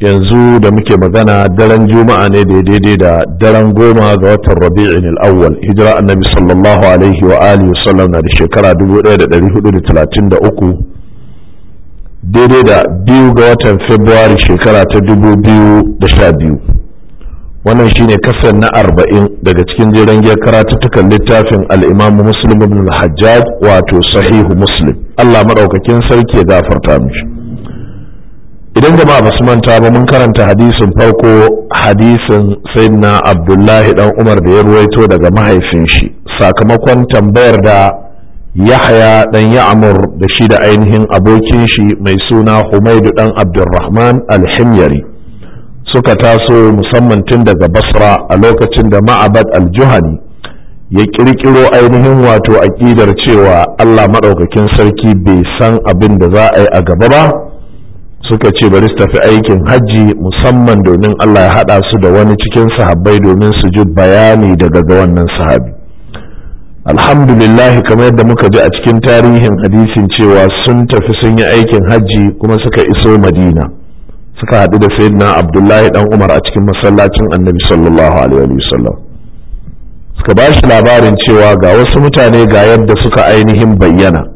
yanzu da muke magana daren juma'a ne da daidai da daren goma ga watan rabi'in al'awwal hijira annabi sallallahu alaihi wa alihi sallam na da shekara 1433 daidai da biyu ga watan februari shekara ta 2012 wannan shine kasar na arba'in daga cikin jiran giyar karatuttukan littafin al'imamu muslim ibn al-hajjaj wato sahihu muslim allah maɗaukakin sarki ya gafarta mishi idan ba su manta ba mun karanta hadisin farko hadisin na abdullahi dan umar da ya ruwaito daga mahaifin shi sakamakon tambayar da yahya dan ya'mur da shi da ainihin abokin shi mai suna humaidu dan abdurrahman alhimyari suka taso musamman tun daga basra a lokacin da ma'abad aljuhani ya kirkiro ainihin wato aƙidar cewa allah maɗaukakin sarki bai san abin da za a yi a gaba ba suka ce bari su tafi aikin hajji musamman domin Allah ya haɗa su da wani cikin sahabbai domin su ji bayani daga ga wannan sahabi alhamdulillahi kamar yadda muka ji a cikin tarihin hadisin cewa sun tafi sun yi aikin hajji kuma suka iso madina suka haɗu da sayyidina abdullahi dan umar a cikin masallacin annabi sallallahu alaihi wasallam suka ba shi labarin cewa ga wasu mutane ga yadda suka ainihin bayyana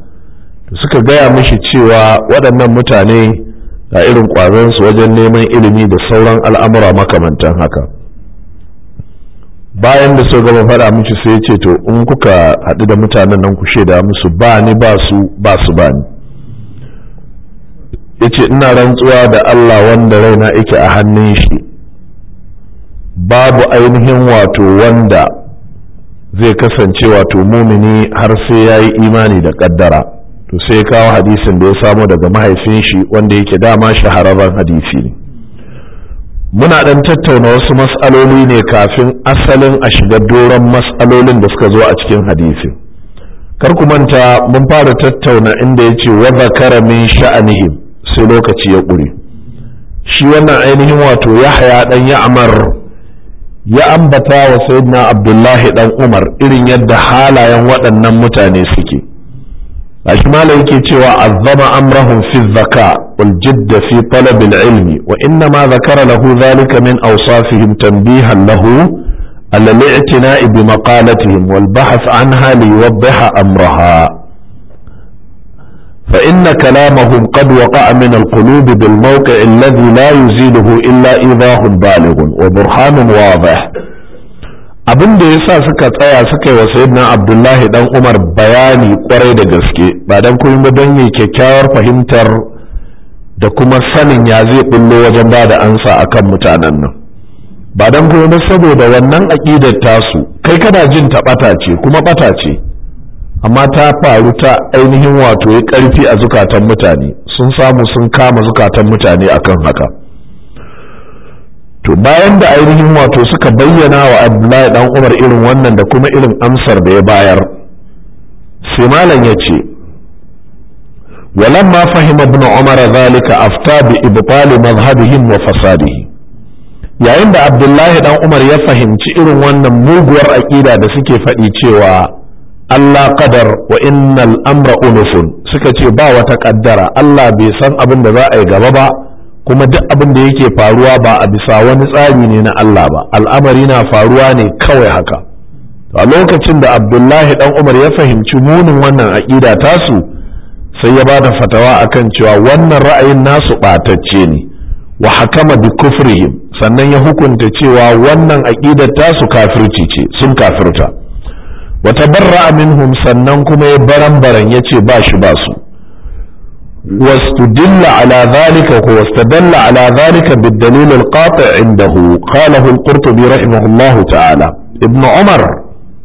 suka gaya mishi cewa waɗannan mutane a irin su wajen neman ilimi da sauran al'amura makamantan haka bayan da so gaba faɗa miki sai ce to in kuka haɗu da mutanen nan ku shaida musu ba ni ba su ba su ba ni ya ce ina rantsuwa da Allah wanda raina yake a hannun shi babu ainihin wato wanda zai kasance wato mumini har sai ya yi imani da ƙaddara to sai kawo hadisin da ya samu daga mahaifin shi wanda yake dama shahararren hadisi ne muna dan tattauna wasu matsaloli ne kafin asalin a shiga doron matsalolin da suka zo a cikin hadisi. kar ku manta mun fara tattauna inda yace wa zakara min sha'anihi sai lokaci ya ƙure shi wannan ainihin wato yahya dan ya'mar ya ambata wa sayyidina abdullahi ɗan umar irin yadda halayen waɗannan mutane suke الكمالي كيتوا عظم أمرهم في الذكاء والجد في طلب العلم وإنما ذكر له ذلك من أوصافهم تنبيها له على الاعتناء بمقالتهم والبحث عنها ليوضح أمرها فإن كلامهم قد وقع من القلوب بالموقع الذي لا يزيله إلا إيضاه بالغ وبرهان واضح أبن ديسا سكت آيا سكي وسيدنا عبد الله دان عمر بياني قريد قسكي ba don kuma ba don yi kyakkyawar fahimtar da kuma sanin ya zai bullo wajen ba da ansa a kan mutanen nan ba don kuma ba saboda wannan aƙidar tasu kai kana jin ta ɓata ce kuma ɓata ce amma ta faru ta ainihin wato ya ƙarfi a zukatan mutane sun samu sun kama zukatan mutane akan haka to bayan da ainihin wato suka bayyana wa abdullahi dan umar irin wannan da kuma irin amsar da ya bayar sai malam ya ce ولما فهم ابن عمر ذلك أفتى بإبطال مذهبهم وفساده yayin da abdullahi dan umar ya fahimci irin wannan muguwar aƙida da suke faɗi cewa allah qadar wa innal amra unufun suka ce ba wata ƙaddara allah bai san abin da za a yi gaba ba kuma duk abin da yake faruwa ba a bisa wani tsari ne na allah ba al'amari na faruwa ne kawai haka a lokacin da abdullahi dan umar ya fahimci munin wannan aƙida tasu sai ya ba da fatawa akan cewa wannan ra'ayin nasu ɓatacce ne wa hakama bi kufrihim sannan ya hukunta cewa wannan aqidar tasu kafirci ce sun kafirta wa tabarra'a minhum sannan kuma ya baran-baran yace ba shi ba su واستدل على ذلك bi على ذلك بالدليل القاطع عنده قاله القرطبي رحمه الله تعالى ابن عمر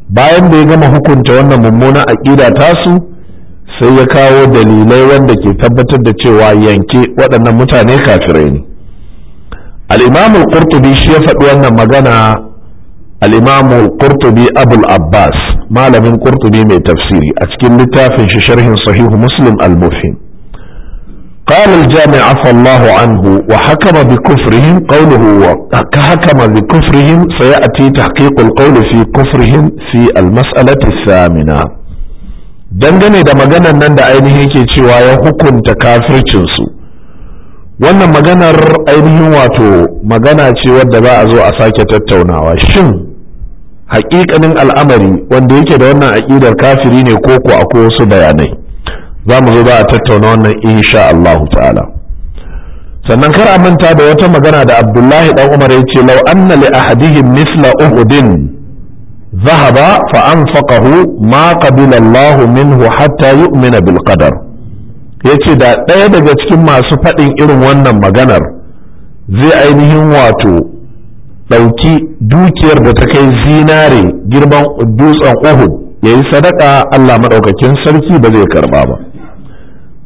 bayan da ya gama hukunta wannan mummunan aƙida tasu sai ya kawo dalilai wanda ke tabbatar da cewa yanke waɗannan mutane kafirai ne al'imamul qurtubi shi ya faɗi wannan magana al'imamul qurtubi abul abbas malamin ƙurtubi mai tafsiri a cikin littafin shi sharhin sahihu muslim al-mufhim قال الجامع عفى الله عنه وحكم بكفرهم قوله حكم بكفرهم سيأتي تحقيق القول في كفرهم في المسألة الثامنة dangane da maganar nan da ainihin yake cewa ya hukunta kafircinsu wannan maganar ainihin wato magana ce wadda za a zo a sake tattaunawa shin haƙiƙanin al'amari wanda yake da wannan aƙidar kafiri ne ko ko akwai wasu bayanai za mu zo za a tattauna wannan insha Allah ta'ala sannan kar a manta da wata magana da abdullahi Ɗan umar ya ce lau anna li ahadihim misla uhudin zahaba fa anfaqahu ma qabila Allah minhu hatta yu'mina bil yace da ɗaya daga cikin masu faɗin irin wannan maganar zai ainihin wato ɗauki dukiyar da ta kai zinare girman dutsen Uhud ya yi sadaka Allah maɗaukakin sarki ba zai karɓa ba.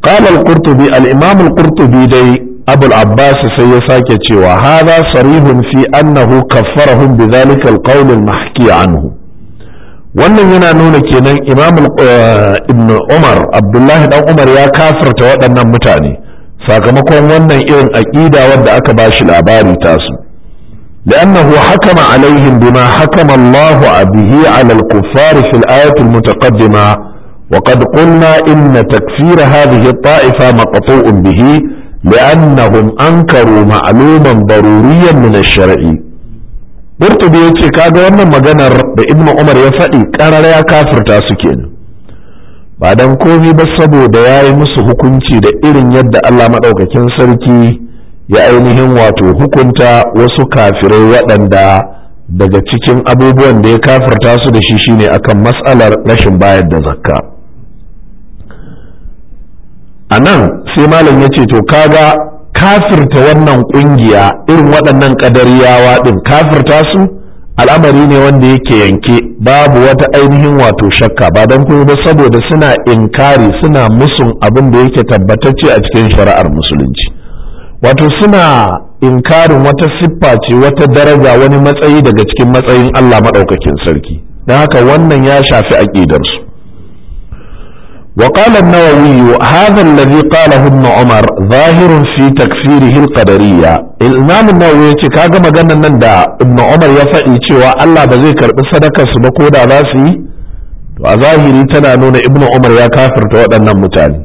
Qala al-Qurtubi al-Imam al-Qurtubi dai abul abbas sai ya sake cewa hadha sarihun fi annahu kaffarahum bi dhalika alqawl almahki anhu wannan yana nuna kenan imam eh, ibn umar abdullahi dan umar ya kafirta waɗannan mutane sakamakon wannan irin aƙida wadda aka ba shi labari tasu لأنه حكم عليهم بما حكم الله به على الكفار في الآية المتقدمة وقد قلنا إن تكفير هذه الطائفة مقطوع به li'annahum ankaru ma'luman daruriyyan na ash-shar'i ya ce ka ga wannan maganar da Ibn Umar ya faɗi ƙarar ya kafirta su kenan ba dan komi ba saboda ya yi musu hukunci da irin yadda Allah maɗaukakin sarki ya ainihin wato hukunta wasu kafirai waɗanda daga cikin abubuwan da ya kafirta su da shi shine akan matsalar rashin bayar da zakka a nan sai malam ya ce to kaga kafirta wannan kungiya irin waɗannan ƙadariyawa ɗin kafirta su al'amari ne wanda yake yanke babu wata ainihin wato shakka ba don kuma ba saboda suna inkari suna musun abin da yake tabbatacce a cikin shari'ar musulunci wato suna inkarin wata siffa ce wata daraja wani matsayi daga cikin matsayin Allah maɗaukakin sarki don haka wannan ya shafi aƙidarsu وقال النووي هذا الذي قاله ابن عمر ظاهر في تكفيره القدرية الإمام النووي كاغا مغانا نندا ابن عمر يفعي cewa Allah ba zai karbi sadakar su ba ko da za su yi to a zahiri tana nuna ibn Umar ya kafirta waɗannan mutane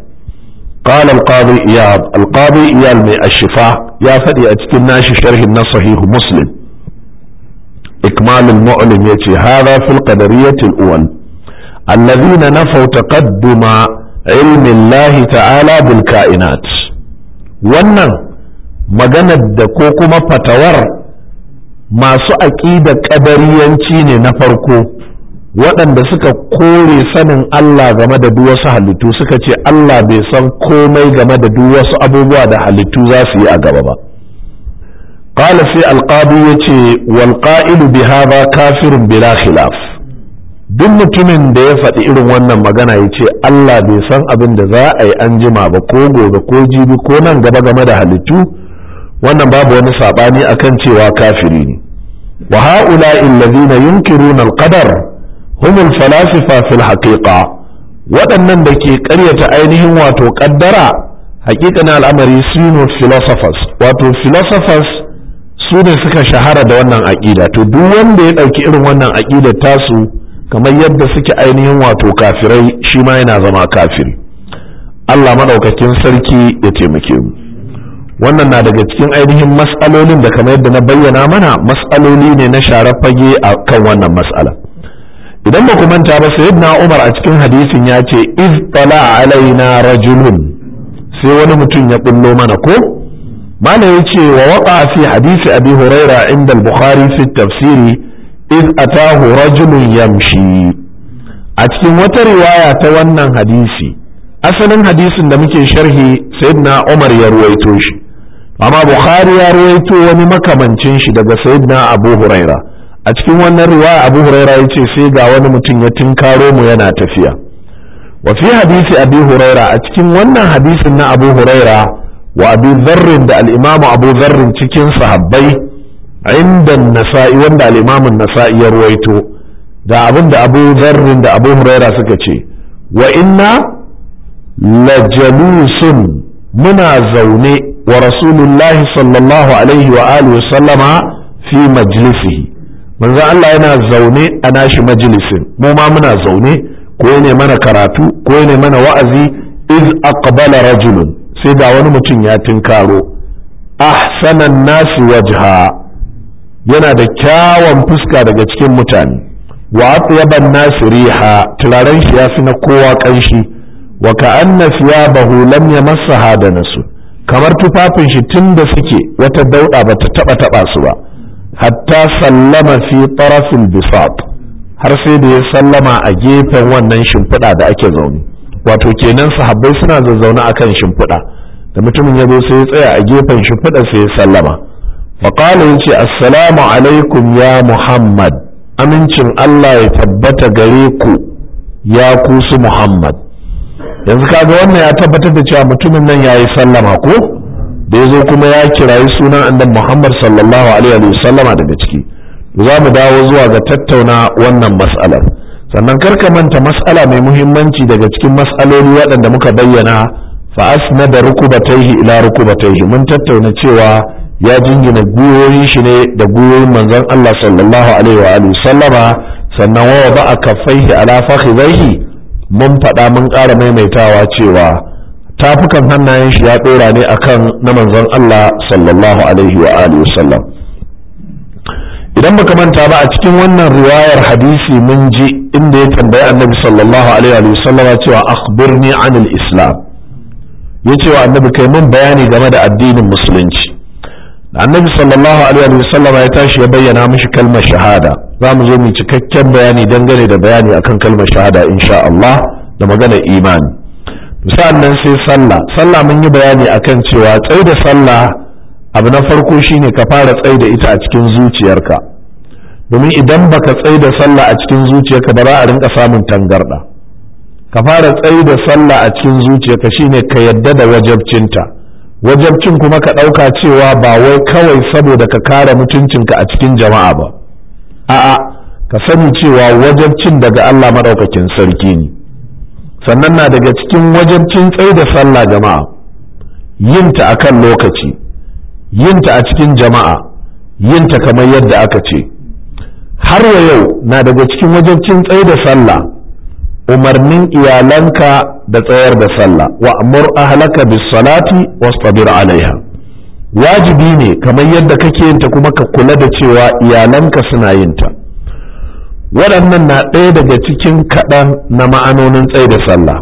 قال القاضي إياد القاضي إياد من الشفاء يا فدي أتكن ناشي شرح صحيح مسلم إكمال المعلم يتي هذا في القدرية الأول allazina nafau taqadduma ilmin lahi ta'ala bil wannan maganar da ko kuma fatawar masu aƙida ƙadariyanci ne na farko waɗanda suka kore sanin Allah game da duk wasu halittu suka ce Allah bai san komai game da duk wasu abubuwa da halittu za su yi a gaba ba qala sai alqadi yace wal qa'ilu bi hadha kafirun bila khilaf duk mutumin da ya faɗi irin wannan magana ya ce Allah bai san abin da za a yi an jima ba ko gobe ko jibi ko nan gaba game da halittu wannan babu wani saɓani akan cewa kafiri ne wa ha'ula illazina yunkiruna al hum falasifa fil haqiqa waɗannan da ke ƙaryata ainihin wato ƙaddara na al'amari sino philosophers wato philosophers su ne suka shahara da wannan aƙida to duk wanda ya ɗauki irin wannan aƙidar tasu kamar yadda suke ainihin wato kafirai shi ma yana zama kafiri Allah maɗaukakin sarki ya taimake mu wannan na daga cikin ainihin mas'alolin da kamar yadda na bayyana mana mas'aloli ne na share fage a kan wannan matsala idan ba ku manta ba na Umar a cikin hadisin ya ce iz tala alaina rajulun sai wani mutum ya bullo mana ko malam ya ce wa waqa fi hadisi abi huraira inda al-bukhari fi tafsiri iz atahu rajulun yamshi a cikin wata riwaya ta wannan hadisi asalin hadisin da muke sharhi sayyidina Umar ya ruwaito shi amma Bukhari ya ruwaito wani makamancin shi daga sayyidina Abu Huraira a cikin wannan riwaya Abu Huraira ya ce sai ga wani mutum ya tinkaro mu yana tafiya wa hadisi Abu Huraira a cikin wannan hadisin na Abu Huraira wa Abu zarrin da al Abu zarrin cikin sahabbai A inda nasa'i wanda al'imamin nasa'i ya ruwaito da abin da abu da abu huraira suka ce wa inna lajalusun muna zaune wa rasulullahi sallallahu alaihi wa sallama fi majlisihi manzo Allah yana zaune a nashi majlisin, mu ma muna zaune ko ne mana karatu ko ne mana wa'azi iz aqbala rajulun sai da wani mutum ya tinkaro ahsanan nasu wajha yana da kyawun fuska daga cikin mutane wa atyaban nasi riha turaren shi ya fi na kowa kanshi wa ka'anna thiyabahu lam yamassaha da nasu kamar tufafin shi tun da suke wata dauda ba ta taba taba su ba hatta sallama fi tarafin bisat har sai da ya sallama a gefen wannan shimfiɗa da ake zaune wato kenan sahabbai suna zazzauna akan shimfiɗa da mutumin ya zo sai ya tsaya a gefen shimfiɗa sai ya sallama faƙala ya ce assalamu alaikum ya muhammad amincin allah ya tabbata gare ku ya kusu muhammad yanzu kaga wannan ya tabbatar da cewa mutumin nan ya yi sallama ko da ya zo kuma ya kirayi sunan annabi muhammad sallallahu alaihi sallama daga ciki za mu dawo zuwa ga tattauna wannan mas'alar sannan karka manta mas'ala mai muhimmanci daga cikin mas'aloli waɗanda muka bayyana fa asnada rukubataihi ila rukubataihi mun tattauna cewa ya jingina guyoyin shi ne da guyoyin manzon Allah sallallahu alaihi wa alihi sallama sannan wa ba akaffaihi ala fakhidhihi mun faɗa mun ƙara maimaitawa cewa tafukan hannayen shi ya ɗora ne akan na manzon Allah sallallahu alaihi wa alihi sallam idan baka manta ba a cikin wannan riwayar hadisi mun ji inda ya tambayi annabi sallallahu alaihi wa sallama cewa akhbirni anil islam ya ce wa annabi kai mun bayani game da addinin musulunci annabi sallallahu alaihi wasallam ya tashi ya bayyana mishi kalmar shahada za mu zo mu cikakken bayani dangane da bayani akan kalmar shahada insha Allah da maganar imani nan sai sallah sallah mun yi bayani akan cewa tsai da sallah abu na farko shine ka fara tsai da ita a cikin zuciyarka domin idan baka tsai da sallah a cikin zuciyarka ba za a rinka samun tangarda ka fara tsai da sallah a cikin zuciyarka shine ka yadda da wajabcinta wajabcin kuma ka ɗauka cewa ba wai kawai saboda ka kare mutuncinka a cikin jama'a ba a'a ka sani cewa wajabcin daga Allah maɗaukakin sarki ne sannan na daga cikin wajabcin tsaye da sallah jama'a yinta kan lokaci yinta a cikin jama'a yinta kamar yadda aka ce har wa yau na daga cikin wajabcin tsaye da sallah umarnin iyalanka da tsayar da sallah wa amur ahlaka bis salati wastabir alaiha wajibi ne kamar yadda kake yinta kuma ka kula da cewa iyalanka suna yinta waɗannan na ɗaya daga cikin kaɗan na ma'anonin tsaye da sallah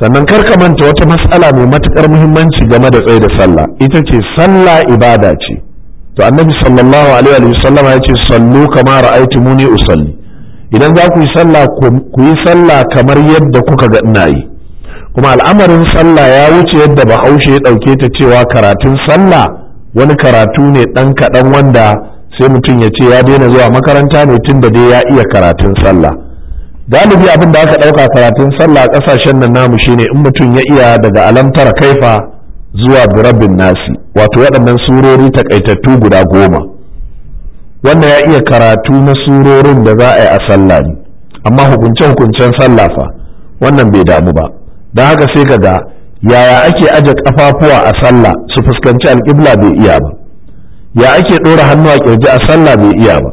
sannan kar ka manta wata matsala mai matuƙar muhimmanci game da tsaye da sallah ita ce sallah ibada ce to annabi sallallahu alaihi wa sallama ya ce sallu kama ra'aytumuni usalli idan za ku yi sallah ku yi sallah kamar yadda kuka ga ina yi kuma al'amarin sallah ya wuce yadda bahaushe ya ɗauke ta cewa karatun sallah wani karatu ne ɗan kaɗan wanda sai mutum ya ce ya daina zuwa makaranta ne tun da dai ya iya karatun sallah galibi abin da aka ɗauka karatun sallah a ƙasashen nan namu shine in mutum ya iya daga alamtara kaifa zuwa birabin nasi wato waɗannan surori takaitattu guda goma wanda ya iya karatu na surorin da za a yi a sallah ne amma hukunce hukuncen sallah fa wannan bai damu ba don haka sai ka ga yaya ake aje kafafuwa a sallah su fuskanci alƙibla bai iya ba ya ake ɗora hannu a kirji a sallah bai iya ba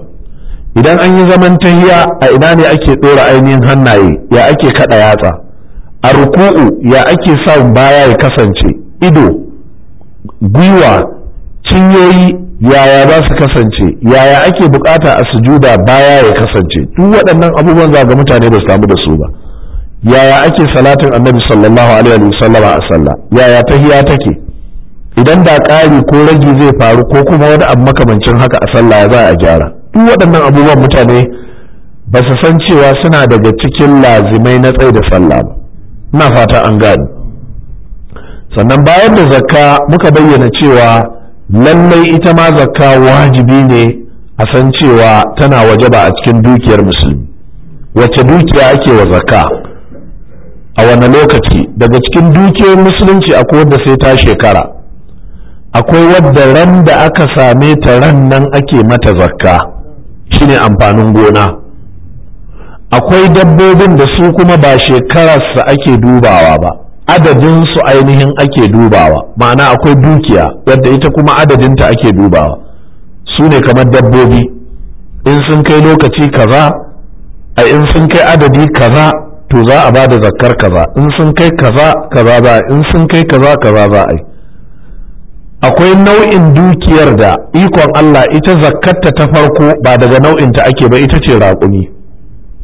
idan an yi zaman tahiya a ina ne ake ɗora ainihin hannaye ya ake kaɗa yatsa a ruku'u ya ake sa baya ya kasance ido gwiwa cinyoyi yaya za su kasance yaya ake bukata a sujuda baya ya kasance duk waɗannan abubuwan za ga mutane ba su samu da su ba yaya ake salatin annabi sallallahu alaihi wa sallama a sallah yaya tahiya take idan da ƙari ko ragi zai faru ko kuma wani abu makamancin haka a sallah za a gyara duk waɗannan abubuwan mutane ba su san cewa suna daga cikin lazimai na tsaye da sallah ba na fata an gani sannan bayan da zakka muka bayyana cewa lallai ita ma zakka wajibi ne a san cewa tana waje ba a cikin dukiyar musulmi wacce dukiya ake wa zakka a wani lokaci daga cikin dukiyar musulunci akwai wadda sai ta shekara akwai wadda ran da aka same ta ran nan ake mata zakka shine amfanin gona akwai dabbobin da su kuma ba shekararsa ake dubawa ba adadin su ainihin ake dubawa ma'ana akwai dukiya wadda ita kuma adadinta ake dubawa su ne kamar dabbobi in sun kai lokaci kaza a in sun kai adadi kaza to za a ba da zakkar kaza in sun kai kaza kaza za in sun kai kaza kaza za a akwai nau'in dukiyar da ikon Allah ita zakkarta ta farko ba daga nau'inta ake ba ita ce raƙumi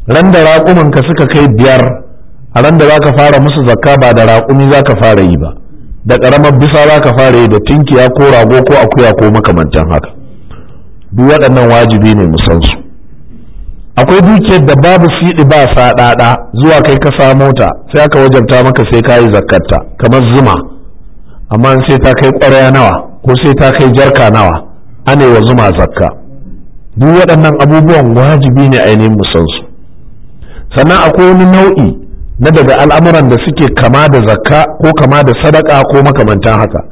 ran da raƙumanka suka kai biyar a ran da za ka fara musu zakka ba da raƙumi za ka fara yi ba da ƙaramar bisa za ka fara yi da tinkiya ko rago ko akuya ko makamantan haka duk waɗannan wajibi ne mu akwai dukiyar da babu siɗi ba ɗaɗa zuwa kai ka samo ta sai aka wajabta maka sai ka yi zakkarta kamar zuma amma sai ta kai ƙwarya nawa ko sai ta kai jarka nawa yi wa zuma zakka duk waɗannan abubuwan wajibi ne ainihin musansu sannan akwai wani nau'i na daga al'amuran da suke kama da zakka ko kama da sadaka ko makamantan haka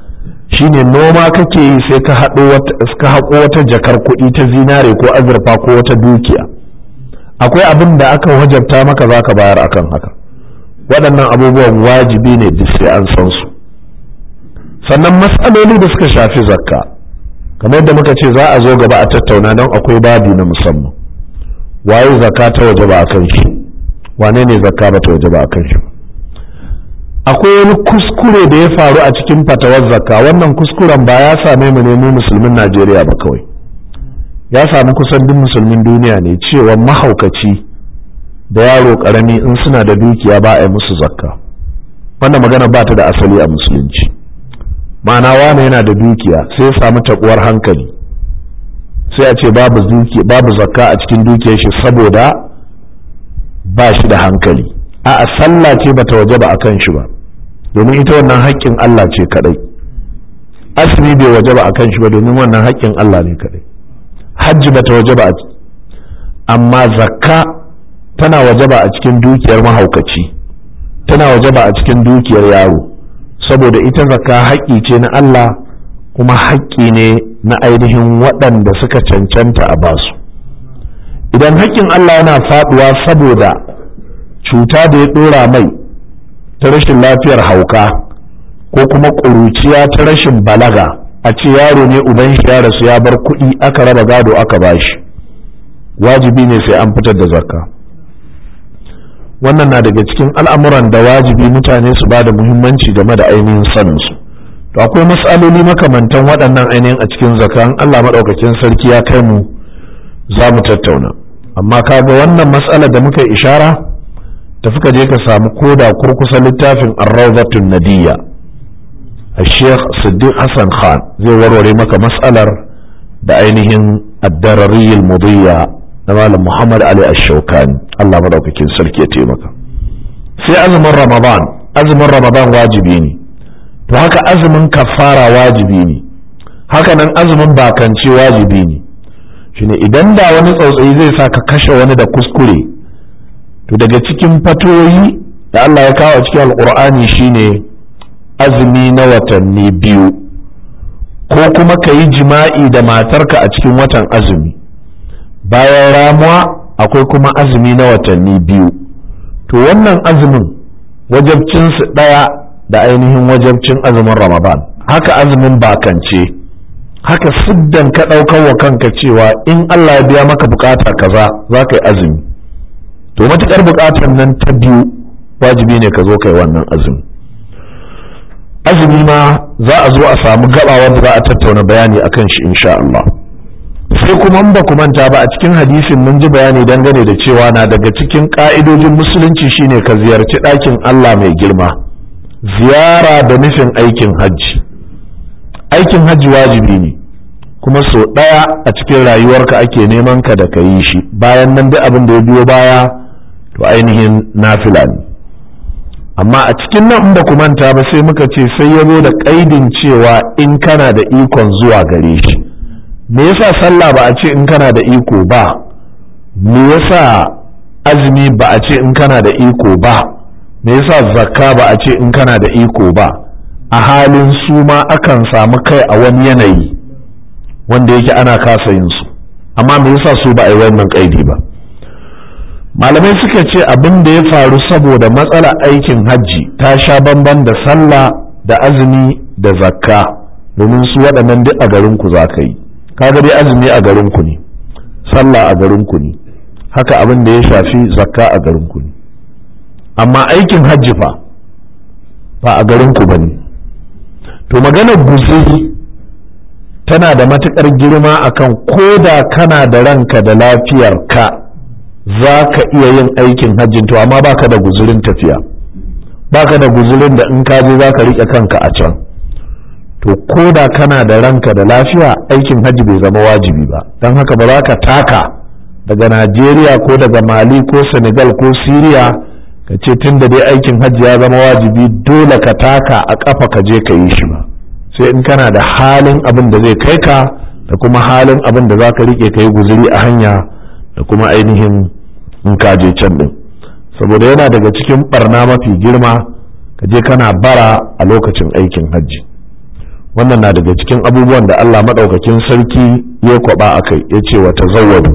shine noma kake yi sai ka haƙo wata jakar kuɗi ta zinare ko azurfa ko wata dukiya akwai abin da aka wajabta maka za ka bayar akan haka waɗannan abubuwan wajibi ne da sai an san su sannan matsaloli da suka shafi zakka kamar yadda muka ce za a zo gaba a tattauna don akwai babi na musamman waye zakka ta waje ba a kan shi wane ne zakka bata ta waje ba a kan shi akwai wani kuskure da ya faru a cikin fatawar zakka wannan kuskuren ba ya same mu ne mu musulmin najeriya ba kawai ya sami kusan duk musulmin duniya ne cewa mahaukaci da yaro karami in suna da dukiya ba a yi musu zakka wannan magana ba ta da asali a musulunci ma'ana wane yana da dukiya sai ya samu taɓuwar hankali sai a ce babu zakka a cikin dukiyar shi saboda ba shi da hankali a sallah ce ba ta waje ba a kan shi ba domin ita wannan haƙƙin Allah ce kaɗai asiri bai waje ba a kan shi ba domin wannan haƙƙin Allah ne kaɗai hajji ba ta waje ba amma zakka tana waje ba a cikin dukiyar mahaukaci tana waje ba a cikin dukiyar yaro saboda ita zakka haƙƙi ce na Allah kuma haƙƙi ne na ainihin waɗanda suka cancanta a basu idan haƙƙin Allah yana faɗuwa saboda cuta da ya ɗora mai ta rashin lafiyar hauka ko kuma ƙuruciya ta rashin balaga a ce yaro ne uban shi ya rasu ya bar kuɗi aka raba gado aka bashi wajibi ne sai an fitar da zakka wannan na daga cikin al'amuran da wajibi mutane su ba da muhimmanci game da ainihin su. to akwai matsaloli makamantan waɗannan ainihin a cikin zakka Allah maɗaukakin sarki ya kai mu za mu tattauna amma kaga wannan matsalar da muka ishara tafi ka je ka samu koda kurkusa littafin arrazatun nadiya a sheikh siddin hassan khan zai warware maka matsalar da ainihin addarariyar mudiya na malam muhammad ali ashokan allah madaukakin sarki ya taimaka sai azumin ramadan azumin ramadan wajibi ne to haka azumin kafara wajibi ne haka nan azumin bakanci wajibi ne shine idan da wani tsautsayi zai sa ka kashe wani da kuskure to daga cikin fatoyi da Allah ya kawo cikin alkur'ani shine azumi na watanni biyu ko kuma ka yi jima'i da matarka a cikin watan azumi bayan ramuwa akwai kuma azumi na watanni biyu to wannan azumin wajabcinsu ɗaya da ainihin wajabcin azumin ramadan haka azumin bakance haka siddan ka ɗaukar wa kanka cewa in Allah ya biya maka bukata kaza za ka yi azumi to matuƙar bukatar nan ta biyu wajibi ne ka zo kai wannan azumi azumi ma za a zo a samu gabawa da za a tattauna bayani akan shi insha Allah sai kuma ba ku manta ba a cikin hadisin mun ji bayani dangane da cewa na daga cikin ka'idojin musulunci shine ka ziyarci ɗakin Allah mai girma ziyara da nufin aikin hajji aikin hajji wajibi ne kuma so ɗaya a cikin rayuwarka ake neman ka da ka yi shi bayan nan duk abin da ya biyo baya to ainihin nafila ne amma a cikin nan inda ku manta ba sai muka ce sai ya zo da ƙaidin cewa in kana da ikon zuwa gare shi me yasa sallah ba a ce in kana da iko ba me yasa azumi ba a ce in kana da iko ba me yasa zakka ba a ce in kana da iko ba a halin su ma akan samu kai a wani yanayi wanda yake ana kasa yin su amma me yasa su ba a yi wannan kaidi ba malamai suka ce abin da ya faru saboda matsala aikin hajji ta sha bamban da sallah da azumi da zakka domin su waɗannan duk a garin ku za ka yi kaga dai azumi a garin ku ne sallah a garin ku ne haka abin da ya shafi zakka a garin ku ne amma aikin hajji fa ba a garin ku bane to maganar guzuri tana da matuƙar girma akan ko da kana da ranka da lafiyarka za ka iya yin aikin hajjin to amma baka da guzurin tafiya baka da guzurin da in ka je za ka riƙe kanka a can to ko da kana da ranka da lafiya aikin hajji bai zama wajibi ba don haka ba za ka taka daga najeriya ko daga mali ko senegal ko syria ka ce tun da dai aikin hajji ya zama wajibi dole ka taka a ƙafa ka je ka yi shi ba sai in kana da halin abin da zai kai ka da kuma halin abin da za ka riƙe ka yi guzuri a hanya da kuma ainihin in ka je can ɗin saboda yana daga cikin barna mafi girma ka je kana bara a lokacin aikin hajji wannan na daga cikin abubuwan da Allah maɗaukakin sarki ya kwaba a kai ya ce wa tazawwadu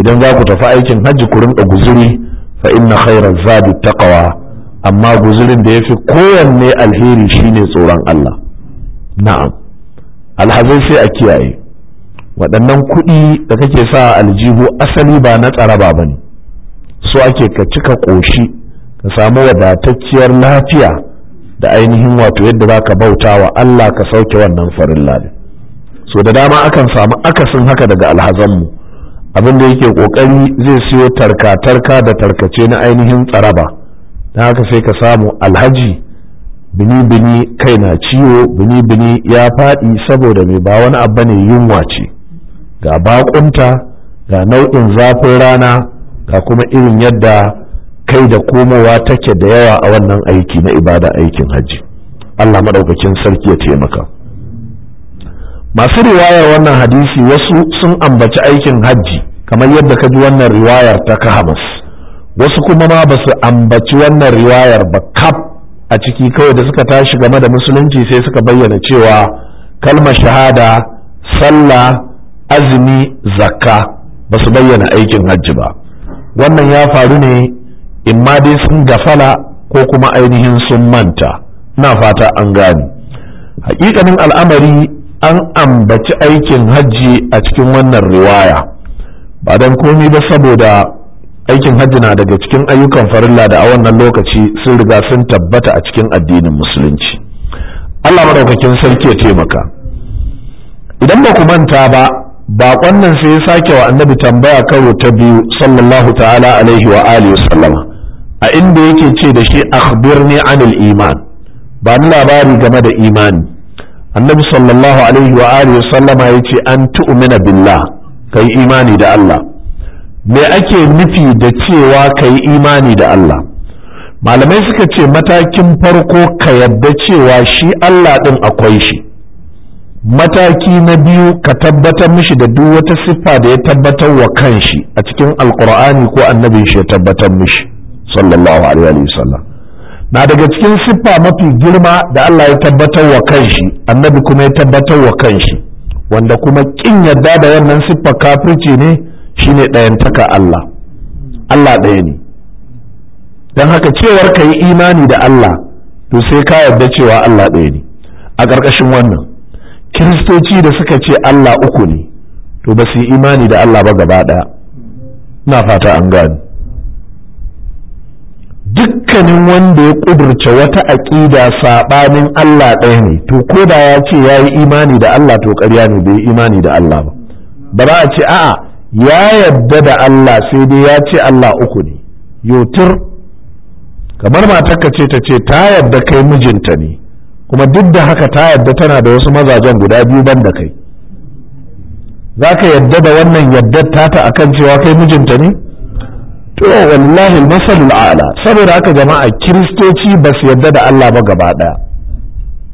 idan za ku tafi aikin hajji ku rinka guzuri fa inna khairaz zadi taqwa amma guzurin da yafi kowanne alheri shine tsoron Allah na'am alhazai sai a kiyaye waɗannan kuɗi da kake sa aljihu asali ba na tsaraba ba ne so ake ka cika ƙoshi ka samu wadatacciyar lafiya da ainihin wato yadda za ka bauta wa Allah ka sauke wannan farin lalin so da dama akan samu akasin haka daga alhazanmu abin da yake kokari zai siyo tarka tarka da tarkace na ainihin tsaraba ta haka sai ka samu alhaji bini bini kai na ciwo bini bini ya faɗi saboda mai ba wani abu ne yunwa ce ga bakunta ga nau'in zafin rana ga kuma irin yadda kai da komowa take da yawa a wannan aiki na ibada aikin hajji Allah maɗaukakin sarki ya taimaka. masu riwayar wannan hadisi wasu sun ambaci aikin hajji kamar yadda ka ji wannan riwayar ta kahamas wasu kuma ma ba su ambaci wannan riwayar ba kaf a ciki kawai da suka tashi game da musulunci sai suka bayyana cewa kalmar shahada sallah azumi zakka ba su bayyana aikin hajji ba wannan ya faru ne in ma dai sun gafala ko kuma ainihin sun manta ina fata an gani hakikanin al'amari an ambaci aikin hajji a cikin wannan riwaya ba don komi ba saboda aikin hajji na daga cikin ayyukan farilla da a wannan lokaci sun riga sun tabbata a cikin addinin musulunci allah maɗaukakin sarki ya taimaka idan ba ku manta ba baƙon nan sai ya sake wa annabi tambaya karo ta biyu sallallahu ta'ala alaihi wa alihi sallama a inda yake ce da shi akhbirni anil iman ba ni labari game da imani annabi sallallahu alaihi wa alihi wa sallama yace an tu'mina billah kai imani da Allah me ake nufi da cewa kai imani da Allah malamai suka ce matakin farko ka yadda cewa shi Allah din akwai shi mataki na biyu ka tabbatar mishi da duk wata siffa da ya tabbatar wa kanshi a cikin alkur'ani ko annabin shi ya tabbatar mishi sallallahu alaihi wa sallam na daga cikin siffa mafi girma da Allah ya tabbatar wa kanshi annabi kuma ya tabbatar wa kanshi wanda kuma kin yarda da wannan siffa kafirci ne shine ɗayantaka Allah Allah ɗaya ne don haka cewar ka yi imani da Allah to sai ka yarda cewa Allah ɗaya ne a ƙarƙashin wannan kiristoci da suka ce Allah uku ne to ba su yi imani da Allah ba gaba ɗaya na fata an gani dukkanin wanda ya ƙudurce wata aƙida saɓanin Allah ɗaya ne to ko da ya ce ya yi imani da Allah to ƙarya ne bai yi imani da Allah ba ba za a ce a'a ya yadda da Allah sai dai ya ce Allah uku ne yotir kamar matarka ce ta ce ta yadda kai mijinta ne kuma duk da haka ta yadda tana da wasu mazajen guda biyu ban da kai za ka yadda da wannan yadda tata akan cewa kai mijinta ne to wallahi masalul a'la saboda haka jama'a kiristoci ba su yarda da Allah ba gaba daya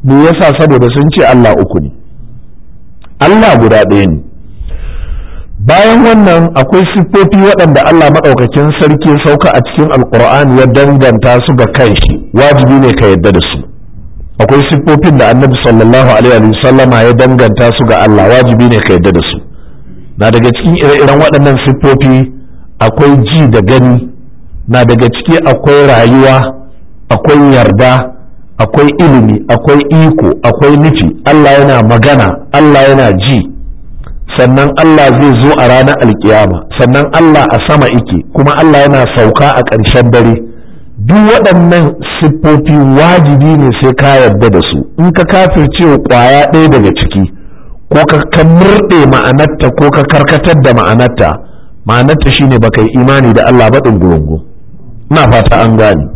me yasa saboda sun ce Allah uku ne Allah guda ɗaya ne bayan wannan akwai siffofi waɗanda Allah maɗaukakin sarki sauka a cikin alkur'ani ya danganta su ga kanshi wajibi ne ka yarda da su akwai siffofin da annabi sallallahu alaihi sallam ya danganta su ga Allah wajibi ne ka yarda da su na daga cikin ire-iren waɗannan siffofi akwai ji da gani na daga ciki akwai rayuwa akwai yarda akwai ilimi akwai iko akwai nufi Allah yana magana Allah yana ji sannan Allah zai zo a ranar alkiyama sannan Allah a sama ike kuma Allah yana sauka a ƙarshen dare duk waɗannan siffofi wajibi ne sai ka yarda da su in ka kafirce ƙwaya ɗaya daga ciki ko ka murɗe ma'anarta ko ka karkatar da ma'anarta ma'anarta shine baka yi imani da Allah ba gurungu ina fata an gani.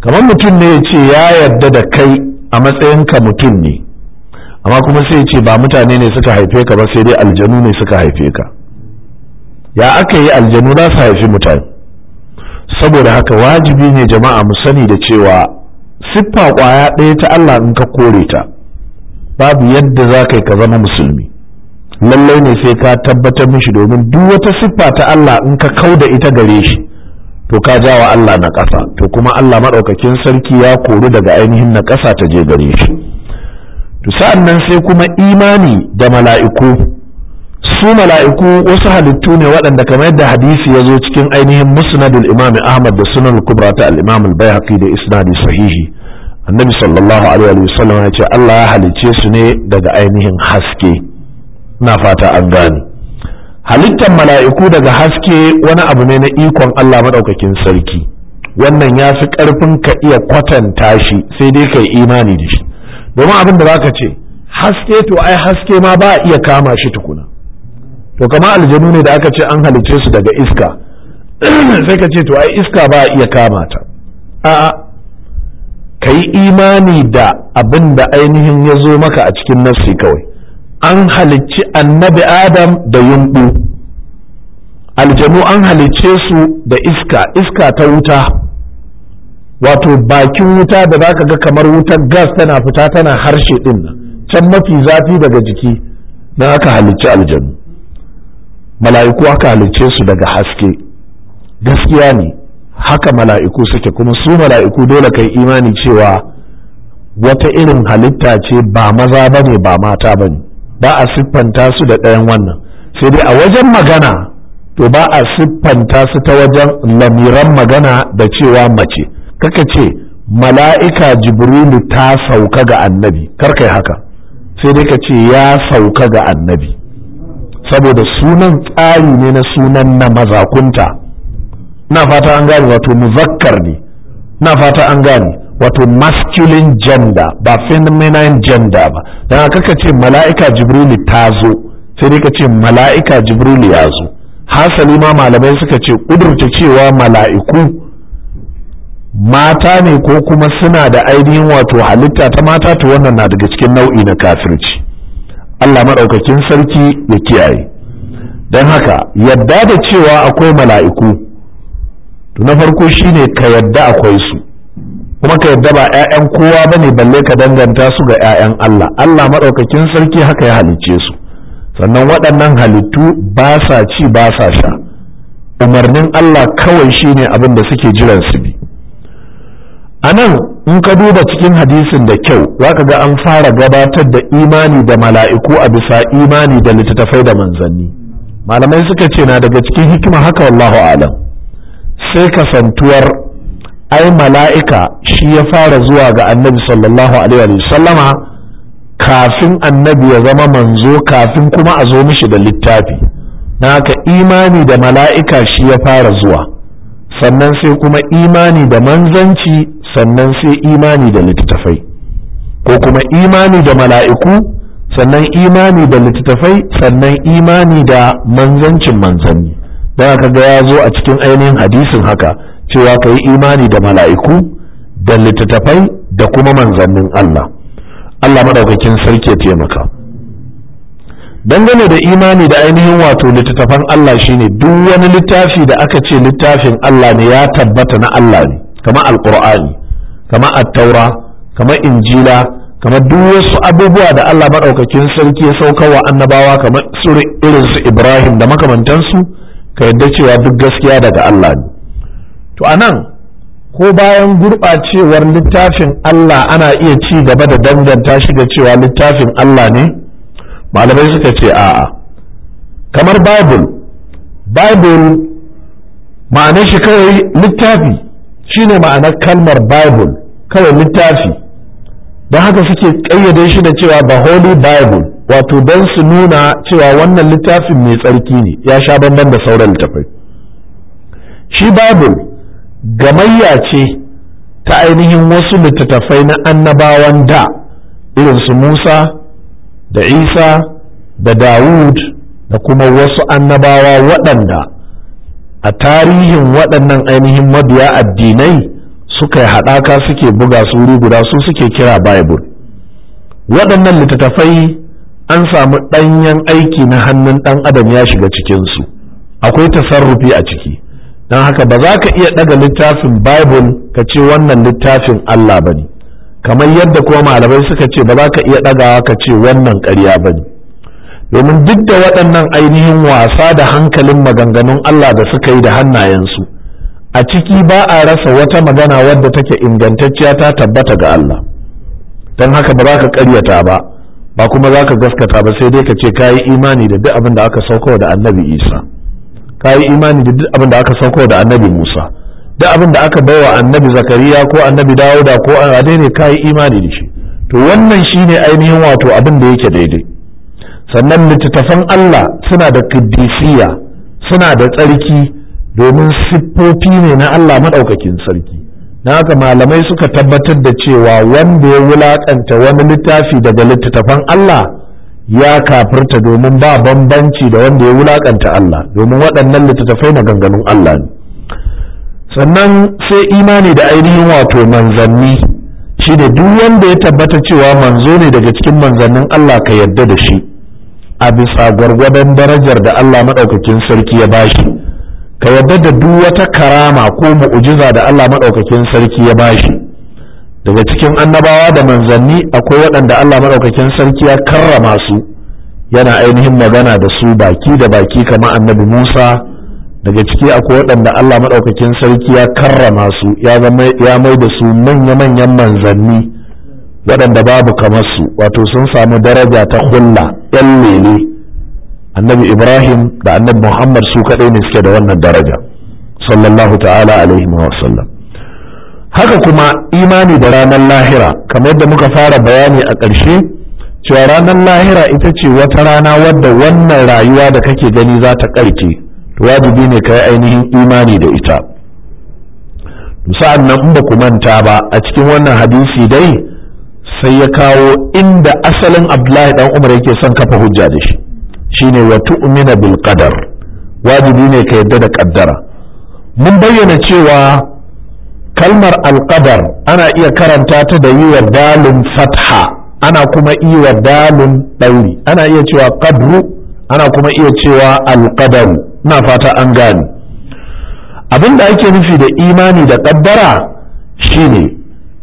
kamar mutum ne ya ce ya yarda da kai a matsayinka mutum ne amma kuma sai ce ba mutane ne suka haife ka ba sai dai aljanu ne suka haife ka ya aka yi aljanu za su haifi mutane saboda haka wajibi ne jama'a mu sani da cewa siffa kwaya ɗaya ta Allah in ka kore ta babu yadda za ka yi ka zama musulmi lallai ne sai ka tabbatar mishi domin duk wata siffa ta Allah in ka kauda ita gare shi to ka ja wa Allah na ƙasa to kuma Allah maɗaukakin sarki ya koru daga ainihin na ƙasa ta je gare shi to sa'an nan sai kuma imani da mala'iku su mala'iku wasu halittu ne waɗanda kamar yadda hadisi ya zo cikin ainihin musnadul imam ahmad da sunan kubra ta al-imam al da isnadi sahihi annabi sallallahu alaihi wa sallam ya ce Allah ya halice su ne daga ainihin haske na fata an gane halittar mala'iku daga haske wani abu ne na ikon Allah maɗaukakin sarki wannan ya fi ƙarfin ka iya kwatanta shi sai dai ka yi imani da shi domin abin da za ka ce haske to ai haske ma ba iya kama shi tukuna to kama aljanu ne da aka ce an halicce su daga iska sai ka ce to ai iska ba iya kama ta a'a ka yi imani da abin da ainihin ya zo maka a cikin nassi kawai an halicci annabi adam da yumɓu aljanu an halicce su da iska iska ta wuta wato bakin wuta da za ka ga kamar wutar gas tana fita tana harshe din can mafi zafi daga jiki na aka halicci aljanu mala'iku aka halicce su daga haske gaskiya ne haka mala'iku suke kuma su mala'iku dole kai imani cewa wata irin halitta ce ba maza bane ba mata bane ba a siffanta su da ɗayan wannan sai dai a wajen magana to ba a siffanta su ta wajen lamiran magana da cewa mace kaka ce mala'ika jibrilu ta sauka ga annabi karkai haka sai dai ka ce ya sauka ga annabi saboda sunan tsari ne na sunan na mazakunta na fata an gane wato muzakkar ne na fata an gane wato masculine gender ba feminine gender ba don haka ka ce mala'ika jibrilu ta zo sai dai ka ce mala'ika jibrilu ya zo hasali ma malamai suka ce ƙudurta cewa mala'iku mata ne ko kuma suna da ainihin wato halitta ta mata ta wannan na daga cikin nau'i na kafirci Allah maɗaukakin sarki ya kiyaye don haka yadda da cewa akwai mala'iku na farko shine ka yadda akwai su kuma ka yadda ba 'ya'yan kowa ba ne balle ka danganta su ga 'ya'yan Allah Allah maɗaukakin sarki haka ya halicce su sannan waɗannan halittu ba sa ci ba sa sha umarnin Allah kawai shi ne abin da suke jiran su bi a nan in ka duba cikin hadisin da kyau za ka ga an fara gabatar da imani da mala'iku a bisa imani da littattafai da manzanni malamai suka ce na daga cikin hikima haka wallahu alam sai kasantuwar ai mala'ika shi ya fara zuwa ga annabi sallallahu alaihi wa sallama kafin annabi ya zama manzo kafin kuma a zo mishi da littafi na haka imani da mala'ika shi ya fara zuwa sannan sai kuma imani da manzanci sannan sai imani da littattafai ko kuma imani da mala'iku sannan imani da littattafai sannan imani da manzancin manzanni don haka ga ya zo a cikin ainihin hadisin haka cewa ka yi imani da mala'iku da littattafai da kuma manzannin Allah Allah maɗaukakin sarki ya taimaka dangane da imani da ainihin wato littattafan Allah shine duk wani littafi da aka ce littafin Allah ne ya tabbata na Allah ne kama alƙur'ani kamar attaura kama injila kamar duk wasu abubuwa da Allah maɗaukakin sarki ya sauka wa annabawa kama irin su Ibrahim da makamantansu ka yadda cewa duk gaskiya daga Allah ne to anan ko bayan gurɓacewar littafin Allah ana iya ci gaba da danganta shi ga cewa littafin Allah ne malamai suka ce a'a kamar bible bible ma'anar shi kawai littafi shine ma'anar kalmar bible kawai littafi don haka suke ƙayyade shi da cewa the holy bible wato don su nuna cewa wannan littafin mai tsarki ne ya sha banban da sauran littafai shi bible gamayya ce ta ainihin wasu littattafai na annabawan da irin su Musa da Isa da Dawud da kuma wasu annabawa waɗanda a tarihin waɗannan ainihin mabiya addinai suka yi haɗaka suke buga su wuri guda su suke kira Bible waɗannan littattafai an samu ɗanyen aiki na hannun ɗan adam ya shiga cikinsu akwai tasarrufi a ciki don haka ba za ka iya ɗaga littafin bible ka ce wannan littafin allah ba ne kamar yadda kuma malamai suka ce ba za ka iya ɗagawa ka ce wannan ƙarya ba ne domin duk da waɗannan ainihin wasa da hankalin maganganun allah da suka yi da hannayensu a ciki ba a rasa wata magana wadda take ingantacciya ta tabbata ga allah don haka ba za ka ƙaryata ba ba kuma za ka gaskata ba sai dai ka ce ka yi imani da duk abin da aka sauka da annabi isa ka yi imani da duk abin da aka sauko da annabi musa duk abin da aka baiwa annabi zakariya ko annabi dawuda ko a ne ka yi imani da shi to wannan shine ainihin wato abin da yake daidai sannan littattafan allah suna da kiddisiya suna da tsarki domin siffofi ne na allah maɗaukakin sarki na haka malamai suka tabbatar da cewa wanda ya wulaƙanta wani littafi daga littattafan allah ya kafirta domin ba bambanci da wanda ya wulakanta Allah domin waɗannan littattafai na ganganun Allah ne sannan sai imani da ainihin wato manzanni shi da duk wanda ya tabbata cewa manzo ne daga cikin manzannin Allah ka yadda da shi a bisa gwargwadon darajar da Allah maɗaukakin sarki ya bashi ka yadda da duk wata karama ko mu'ujiza da Allah maɗaukakin sarki ya bashi daga cikin annabawa da manzanni akwai waɗanda Allah maɗaukakin sarki ya karrama su yana ainihin magana da su baki da baki kamar annabi Musa daga ciki akwai waɗanda Allah maɗaukakin sarki ya karrama su ya mai da su manya-manyan manzanni waɗanda babu kamar su wato sun samu daraja ta hulla yan lele annabi Ibrahim da annabi Muhammad su kaɗai ne suke da wannan daraja sallallahu ta'ala alaihi wa sallam haka kuma imani da ranar lahira kamar yadda muka fara bayani a ƙarshe cewa ranar lahira ita ce wata rana wadda wannan rayuwa da kake gani za ta ƙarke wajibi ne ka yi ainihin imani da ita sa'an nan ba ku manta ba a cikin wannan hadisi dai sai ya kawo inda asalin abdullahi dan umar yake son kafa hujja da shi shine wa tu'mina bil qadar wajibi ne ka yadda da kaddara mun bayyana cewa kalmar alƙadar ana iya karanta ta da yiwa dalin fatha ana kuma iya dalin ɗauri ana iya cewa ƙadru ana kuma iya cewa alƙadaru na fata an gane abin da ake nufi da imani da ƙaddara shine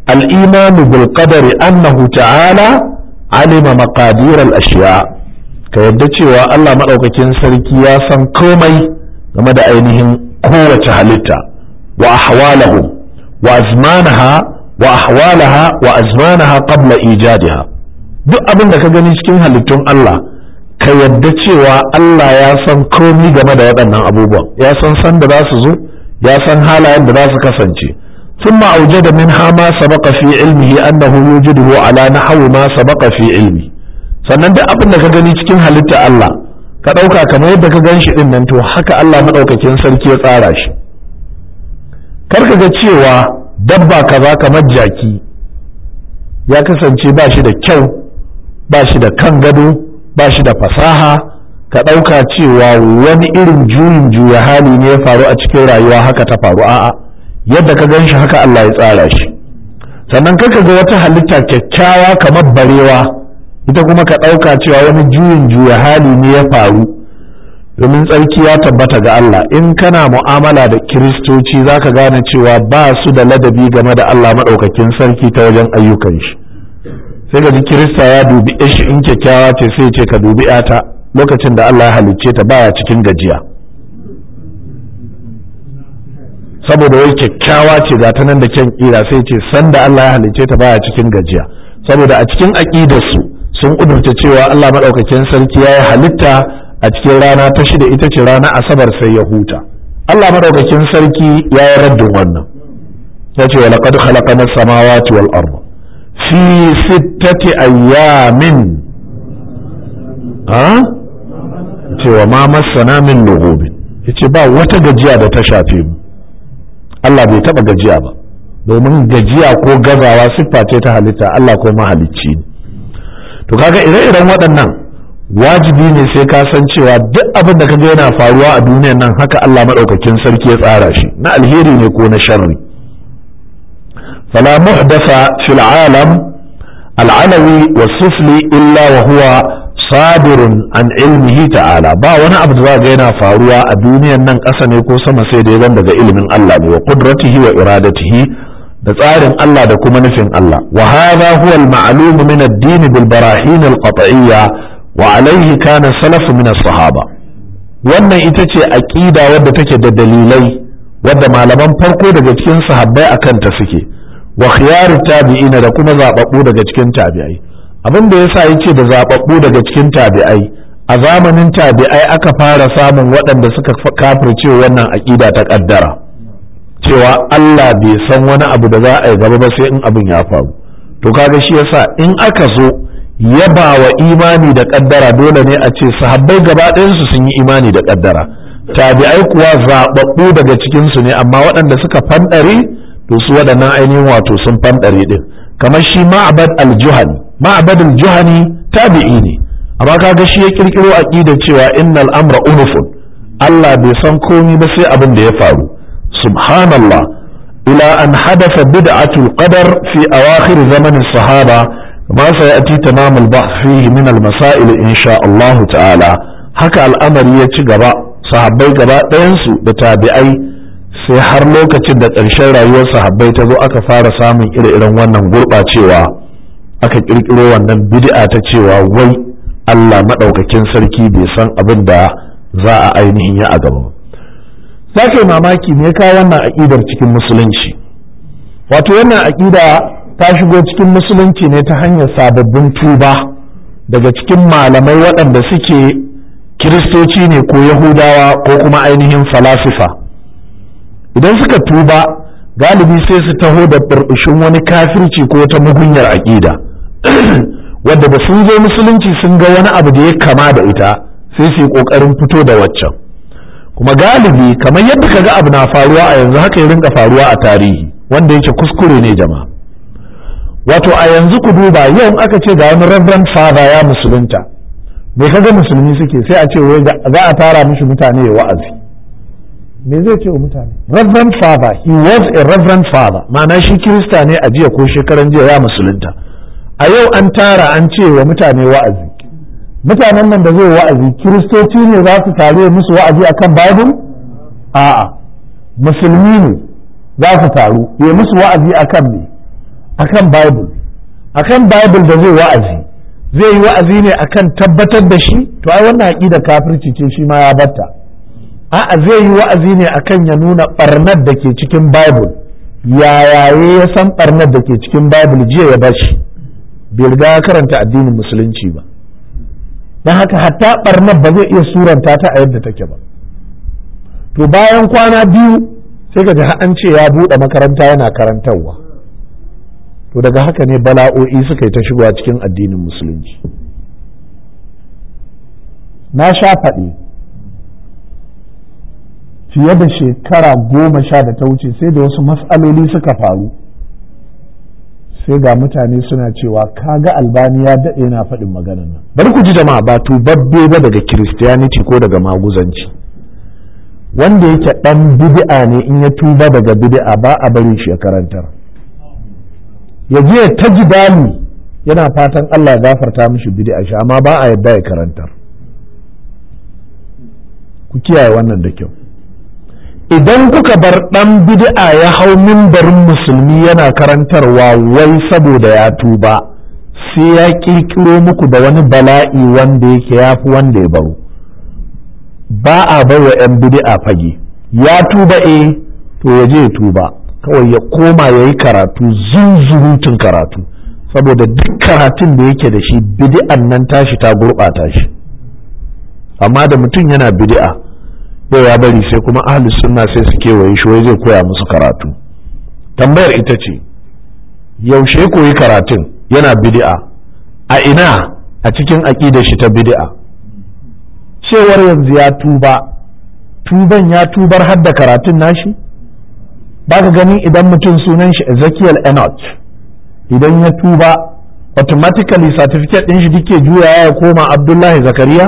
al'imanu bil qadari annahu ta'ala alima maqadir al ashiya ka yadda cewa Allah maɗaukakin sarki ya san komai game da ainihin kowace halitta wa ahwalahum wa azmanaha wa ahwalaha wa azmanaha qabla ijadiha duk abin da ka gani cikin halittun Allah ka yadda cewa Allah ya san komi game da waɗannan abubuwan ya san san da za su zo ya san halayen da za su kasance ثم أوجد منها ما سبق في علمه أنه يوجده على نحو ما سبق في ilmi sannan duk abin da ka gani cikin halitta Allah ka ɗauka kamar yadda ka gan shi ɗin nan to haka Allah maɗaukakin sarki ya tsara shi karka ga cewa dabba kaza kamar jaki ya kasance ba shi da kyau ba shi da kan gado ba shi da fasaha ka ɗauka cewa wani irin juyin juya hali ne ya faru a cikin rayuwa haka ta faru a'a yadda ka gan shi haka Allah ya tsara shi sannan karka ga wata halitta kyakkyawa kamar barewa ita kuma ka ɗauka cewa wani juyin juya hali ne ya faru domin tsarki ya tabbata ga Allah in kana mu'amala da kiristoci za ka gane cewa ba su da ladabi game da Allah maɗaukakin sarki ta wajen ayyukan shi sai ga kirista ya dubi shi in kyakkyawa ce sai ce ka dubi ta lokacin da Allah ya halicce ta baya cikin gajiya saboda wai kyakkyawa ce ga ta nan da kyan kira sai ce sanda Allah ya halicce ta baya cikin gajiya saboda a cikin aƙidarsu sun ƙudurta cewa Allah maɗaukakin sarki ya yi halitta a cikin rana ta shida ita ce rana asabar sai ya huta Allah madaukakin sarki ya yi raddin wannan ya ce walaqad khalaqana samawati wal arda fi sittati ayyamin ha ce wa ma masana min Ya ce ba wata gajiya da ta shafe mu Allah bai taba gajiya ba domin gajiya ko gazawa siffa ce ta halitta Allah ko mahalicci ne to kaga ire-iren waɗannan wajibi ne sai ka san cewa duk abin da ga yana faruwa a duniyar nan haka Allah maɗaukakin sarki ya tsara shi na alheri ne ko na sharri fala muhdasa fil alam al'alawi wa sufli illa wa huwa sadirun an ilmihi ta'ala ba wani abu da za ga yana faruwa a duniyan nan ƙasa ne ko sama sai dai daga ilimin Allah ne wa qudratihi wa iradatihi da tsarin Allah da kuma nufin Allah wa hadha huwa al-ma'lum min ad-din bil barahin al-qat'iyyah wa alaihi kana salafu min sahaba wannan ita ce aqida wadda take da dalilai wadda malaman farko daga cikin sahabbai akan ta suke wa khiyaru tabi'ina da kuma zababbu daga cikin tabi'ai abin da yasa yace da zababbu daga cikin tabi'ai a zamanin tabi'ai aka fara samun waɗanda suka kafirce wannan aqida ta kaddara cewa Allah bai san wani abu da za a yi gaba ba sai in abin ya faru to kaga shi yasa in aka zo yaba wa imani da kaddara dole ne a ce sahabbai gaba ɗayansu sun yi imani da kaddara tabi'ai kuwa zaɓaɓɓu daga cikinsu ne amma waɗanda suka fanɗare to su waɗannan ainihin wato sun fanɗare ɗin kamar shi ma'abad al-juhani ma'abad al-juhani tabi'i ne amma kaga shi ya kirkiro aqidar cewa innal amra unufun Allah bai san komai ba sai abin da ya faru subhanallah ila an hadatha bid'atul qadar fi awakhir zamanin sahaba ma sayati tamamul fihi min al masail insha Allah ta'ala haka al'amari ya ci gaba sahabbai gaba ɗayansu da tabi'ai sai har lokacin da ƙarshen rayuwar sahabbai ta zo aka fara samun ire-iren wannan gurɓacewa aka ƙirƙiro wannan bid'a ta cewa wai Allah maɗaukakin sarki bai san abin da za a ainihin ya a gaba ba mamaki me ka wannan aƙidar cikin musulunci wato wannan aƙida ta shigo cikin musulunci ne ta hanyar sababbin tuba daga cikin malamai waɗanda suke kiristoci ne ko yahudawa ko kuma ainihin falasifa idan suka tuba galibi sai su taho da burbushin wani kafirci ko ta mugunyar aƙida wadda ba sun zo musulunci sun ga wani abu da ya kama da ita sai su yi ƙoƙarin fito da waccan kuma galibi kamar yadda ka ga abu na faruwa a yanzu haka ya rinka faruwa a tarihi wanda yake kuskure ne jama'a wato a yanzu ku duba yau aka ce ga wani reverend father ya musulunta me kaga musulmi suke sai a ce wai za a tara mishi mutane ya wa'azi me zai ce wa mutane reverend father he was a reverend father ma'ana shi kirista ne a jiya ko shekaran jiya ya musulunta a yau an tara an ce wa mutane wa'azi mutanen nan da zai wa'azi kiristoci ne za su tare musu wa'azi akan bible a'a musulmi ne za su taru ya musu wa'azi akan me akan bible akan bible da zai wa'azi zai yi wa'azi ne akan tabbatar da shi to ai wannan aqida kafirci ce shi ma ya batta a'a zai yi wa'azi ne akan ya nuna barnar da ke cikin bible Ya yaye ya san barnar da ke cikin bible jiya ya bashi bai riga ya karanta addinin musulunci ba dan haka hatta barnar ba zai iya suranta ta a yadda take ba to bayan kwana biyu sai ka ji an ce ya buɗe makaranta yana karantarwa to daga haka ne bala'o'i suka yi ta shigowa cikin addinin musulunci na sha faɗi fiye da shekara goma sha da ta wuce sai da wasu matsaloli suka faru sai ga mutane suna cewa kaga albani ya daɗe na faɗin maganar nan bari ku ji jama'a ba tubabbe ba daga kiristiyaniti ko daga maguzanci wanda yake ɗan bid'a ne in ya tuba daga bid'a ba a bari shi ya karantar ya je ta jibali yana fatan Allah ya gafarta mishi bid'a shi amma ba a yadda ya karantar ku kiyaye wannan da kyau idan kuka bar ɗan bid'a ya hau mimbarin musulmi yana karantarwa wai saboda ya tuba sai ya kirkiro muku da wani bala'i wanda yake ya fi wanda ya baro ba a bai wa 'yan bid'a fage ya tuba eh to ya je tuba kawai ya koma ya yi karatu zunzurutun karatu saboda duk karatun da yake da shi bidi'an nan tashi ta gurɓata shi amma da mutum yana bidi'a yau ya bari sai kuma ahli sunna sai su kewaye shi wai zai koya musu karatu tambayar ita ce yaushe koyi karatun yana bidi'a a ina a cikin aƙidar shi ta bidi'a cewar yanzu ya tuba tuban ya tubar hadda karatun nashi ba ka gani idan mutum sunan shi Ezekiel Enoch idan ya tuba automatically certificate din shi duke juyawa ya koma Abdullahi Zakariya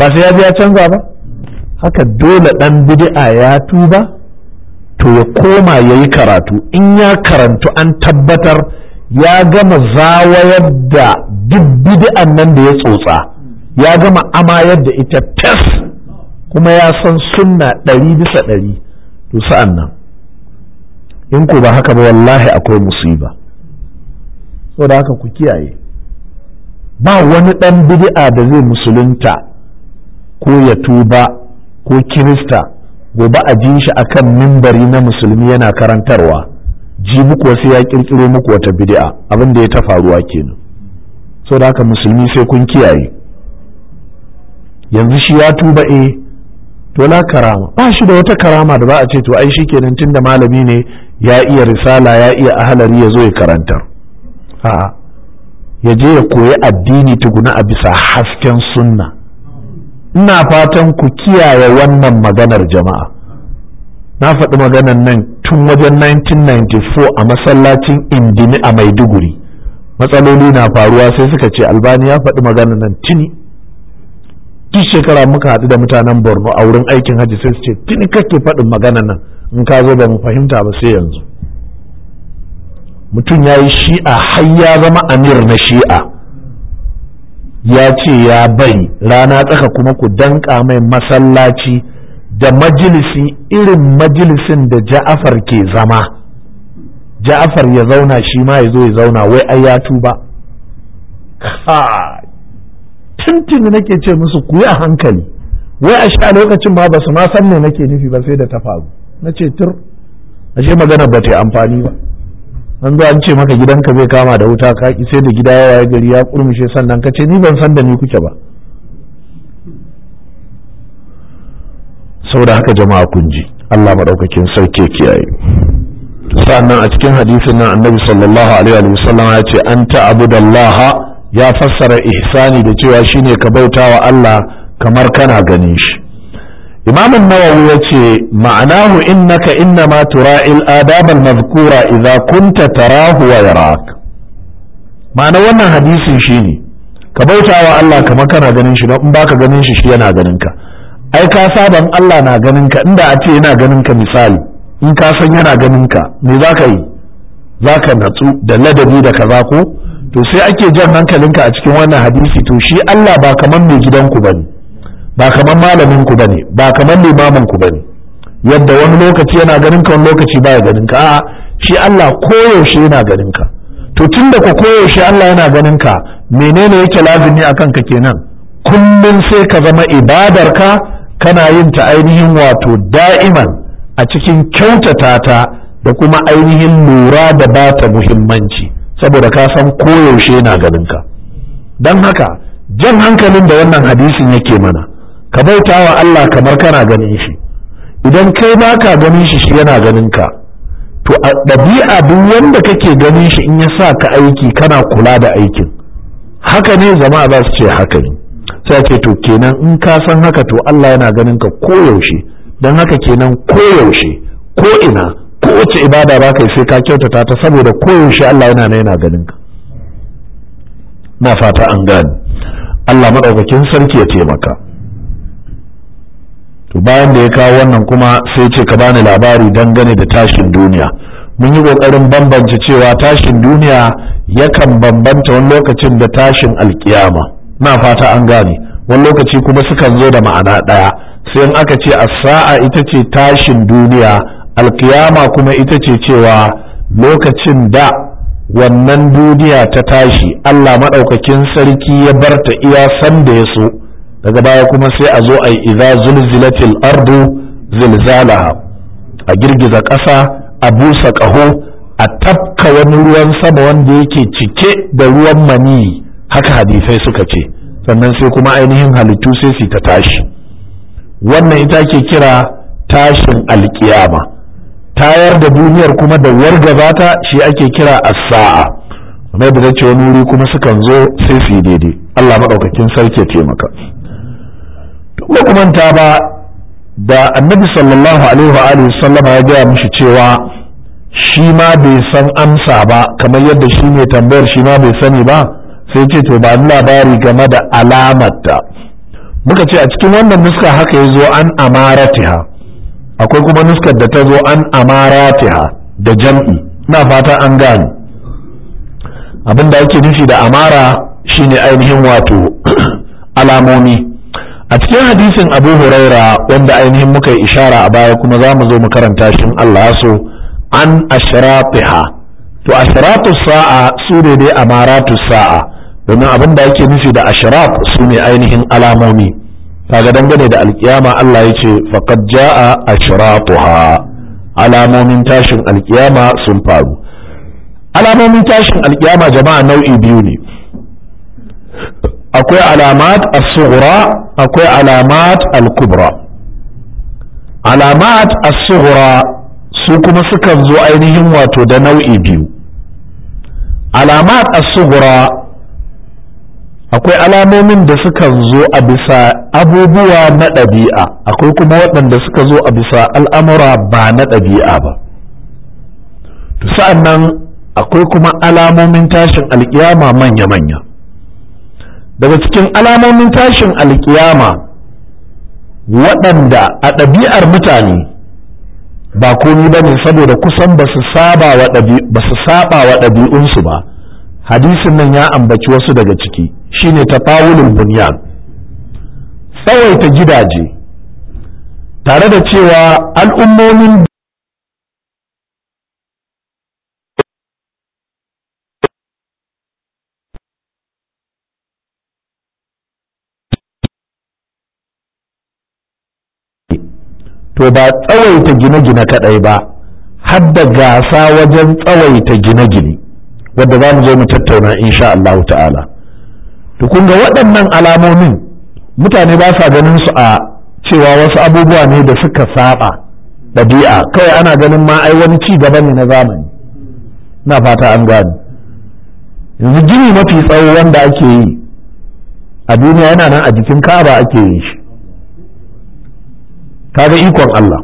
ba sai ya ya canza ba haka dole dan bid'a ya tuba to ya koma ya yi karatu in ya karantu an tabbatar ya gama zawayar da duk bid'an nan da ya tsotsa ya gama amayar da ita tas kuma ya san sunna ɗari bisa ɗari to sa'an in ku ba haka ba wallahi akwai musiba saboda haka ku kiyaye ba wani ɗan bid'a da zai musulunta ko ya tuba ko kirista gobe a ji shi akan mimbari na musulmi yana karantarwa ji muku wasu ya kirkiro muku wata bid'a abin da ya ta faruwa kenan saboda haka musulmi sai kun kiyaye yanzu shi ya tuba eh to la karama ba shi da wata karama da za a ce to ai shi shikenan tunda malami ne ya iya risala ya iya ahalari ya zo ya karanta a'a ya je ya koyi addini tuguna a bisa hasken sunna ina fatan ku kiyaye wannan maganar jama'a na faɗi maganar nan tun wajen 1994 a masallacin indini a maiduguri matsaloli na faruwa sai suka ce albani ya faɗi maganar nan tuni duk shekara muka haɗu da mutanen borno a wurin aikin hajji sai su ce tuni kake faɗin maganar nan in ka zo ba mu fahimta ba sai yanzu mutum ya yi shi'a har ya zama amir na shi'a ya ce ya bari rana tsaka kuma ku danka mai masallaci da majalisi irin majalisin da ja'afar ke zama ja'afar ya zauna shi ma ya zo ya zauna wai ai ya tuba Tuntun nake ce musu ku yi a hankali wai a sha lokacin ba ba su ma san me nake nufi ba sai da ta faru na ce tur ce magana ba ta yi amfani ba an zo an ce maka gidanka zai kama da wuta ka sai da gida ya gari ya kurmushe sannan ka ce ni ban san da ni kuke ba saboda haka jama'a kun ji Allah madaukakin sauke kiyaye sannan a cikin hadisin nan annabi sallallahu alaihi wa sallam ya ce an ta'budallaha ya fassara ihsani da cewa shine ka bautawa Allah kamar kana ganin shi Limamin nawawi ce ma'anahu innaka innama tura'il adab al-mazkura idza kunta tarahu wa yarak ma'ana wannan hadisin shine ka bautawa Allah kamar kana ganin shi don in baka ganin shi shi yana ganin ka ai ka saban Allah na ganin ka inda a ce yana ganin ka misali in ka san yana ganin ka me za ka yi za ka natsu da ladabi da kaza ko to sai ake jan hankalinka a cikin wannan hadisi to shi Allah ba kamar mai gidanku ne. ba kamar malamin ku bane ba kamar limamin ku bane yadda wani lokaci yana ganin ka wani lokaci baya ganin ka a'a shi Allah koyaushe yana ganin ka to tunda ku koyaushe Allah yana ganin ka menene yake lazimi akan ka kenan kullum sai ka zama ibadar ka kana yin ta ainihin wato da'iman a cikin kyautata ta da kuma ainihin lura da ba ta muhimmanci saboda ka san koyaushe yana ganin ka don haka jan hankalin da wannan hadisin yake mana ka bauta wa Allah kamar kana ganin shi idan kai ma ka ganin shi shi yana ganin ka to a duk wanda kake ganin shi in ya sa ka aiki kana kula da aikin haka ne zama za su ce haka ne sai ce to kenan in ka san haka to Allah yana ganin ka koyaushe don haka kenan koyaushe ko ina ko wace ibada ba kai sai ka kyautata ta saboda koyaushe Allah yana yana ganin ka na fata an gane Allah madaukakin sarki ya taimaka to bayan da ya kawo wannan kuma sai ce ka bani labari dangane da tashin duniya mun yi kokarin bambance cewa tashin duniya yakan bambanta wani lokacin da tashin alkiyama na fata an gane wani lokaci kuma sukan zo da ma'ana ɗaya sai in aka ce as-sa'a ita ce tashin duniya alkiyama kuma ita ce cewa lokacin da wannan duniya ta tashi Allah maɗaukakin sarki ya barta iya san da ya so daga baya kuma sai a zo a yi idza zulzilatil ardu zilzalaha a girgiza ƙasa a busa ƙaho a tafka wani ruwan sama wanda yake cike da ruwan mani haka hadisai suka ce sannan sai kuma ainihin halittu sai su ta tashi wannan ita ke kira tashin alkiyama tayar da duniyar kuma da wargaza ta shi ake kira as-sa'a kamar da ce wani wuri kuma sukan zo sai su yi daidai Allah maɗaukakin sarki ya taimaka ba kuma manta ba da annabi sallallahu alaihi wa alihi sallama ya gaya mishi cewa shi ma bai san amsa ba kamar yadda shi ne tambayar shi ma bai sani ba sai ce to ba labari game da alamarta muka ce a cikin wannan nuska haka ya zo an amaratiha akwai kuma nuskar da ta zo an amaratiha da jam'i na fata an gane abin da ake nufi da amara shine ainihin wato alamomi a cikin hadisin abu huraira wanda ainihin muka yi ishara a baya kuma za mu zo mu karanta shi Allah ya so an ashratiha to ashratu sa'a su ne dai amaratu sa'a domin abin da yake nufi da ashrat su ne ainihin alamomi kaga dangane da alkiyama Allah ya ce faqad jaa ashratuha alamomin tashin alkiyama sun faru alamomin tashin alkiyama jama'a nau'i biyu ne akwai alamat as-sughra akwai alamat al-kubra alamat as-sughra su kuma sukan zo ainihin wato da nau'i biyu alamat as-sughra akwai alamomin da sukan zo a bisa abubuwa na ɗabi'a akwai kuma waɗanda suka zo a bisa al'amura ba na ɗabi'a ba sa'an nan akwai kuma alamomin tashin alƙiyama manya-manya daga cikin alamomin tashin alkiyama waɗanda a ɗabi'ar mutane ba komi ba ne saboda kusan ba su saba wa ɗabi'unsu ba hadisin nan ya ambaci wasu daga ciki shine fawulin bunyan tsawaita gidaje tare da cewa al'ummomin ba tsawaita gine-gine kaɗai ba har da gasa wajen tsawaita gine-gine wadda za mu zo mu tattauna insha Allah ta'ala to kun ga waɗannan alamomin mutane ba sa ganin su a cewa wasu abubuwa ne da suka saba ɗabi'a kawai ana ganin ma ai wani ci gaba ne na zamani na fata an gane yanzu gini mafi tsawo wanda ake yi a duniya yana nan a jikin kaba ake yin shi kaga ikon Allah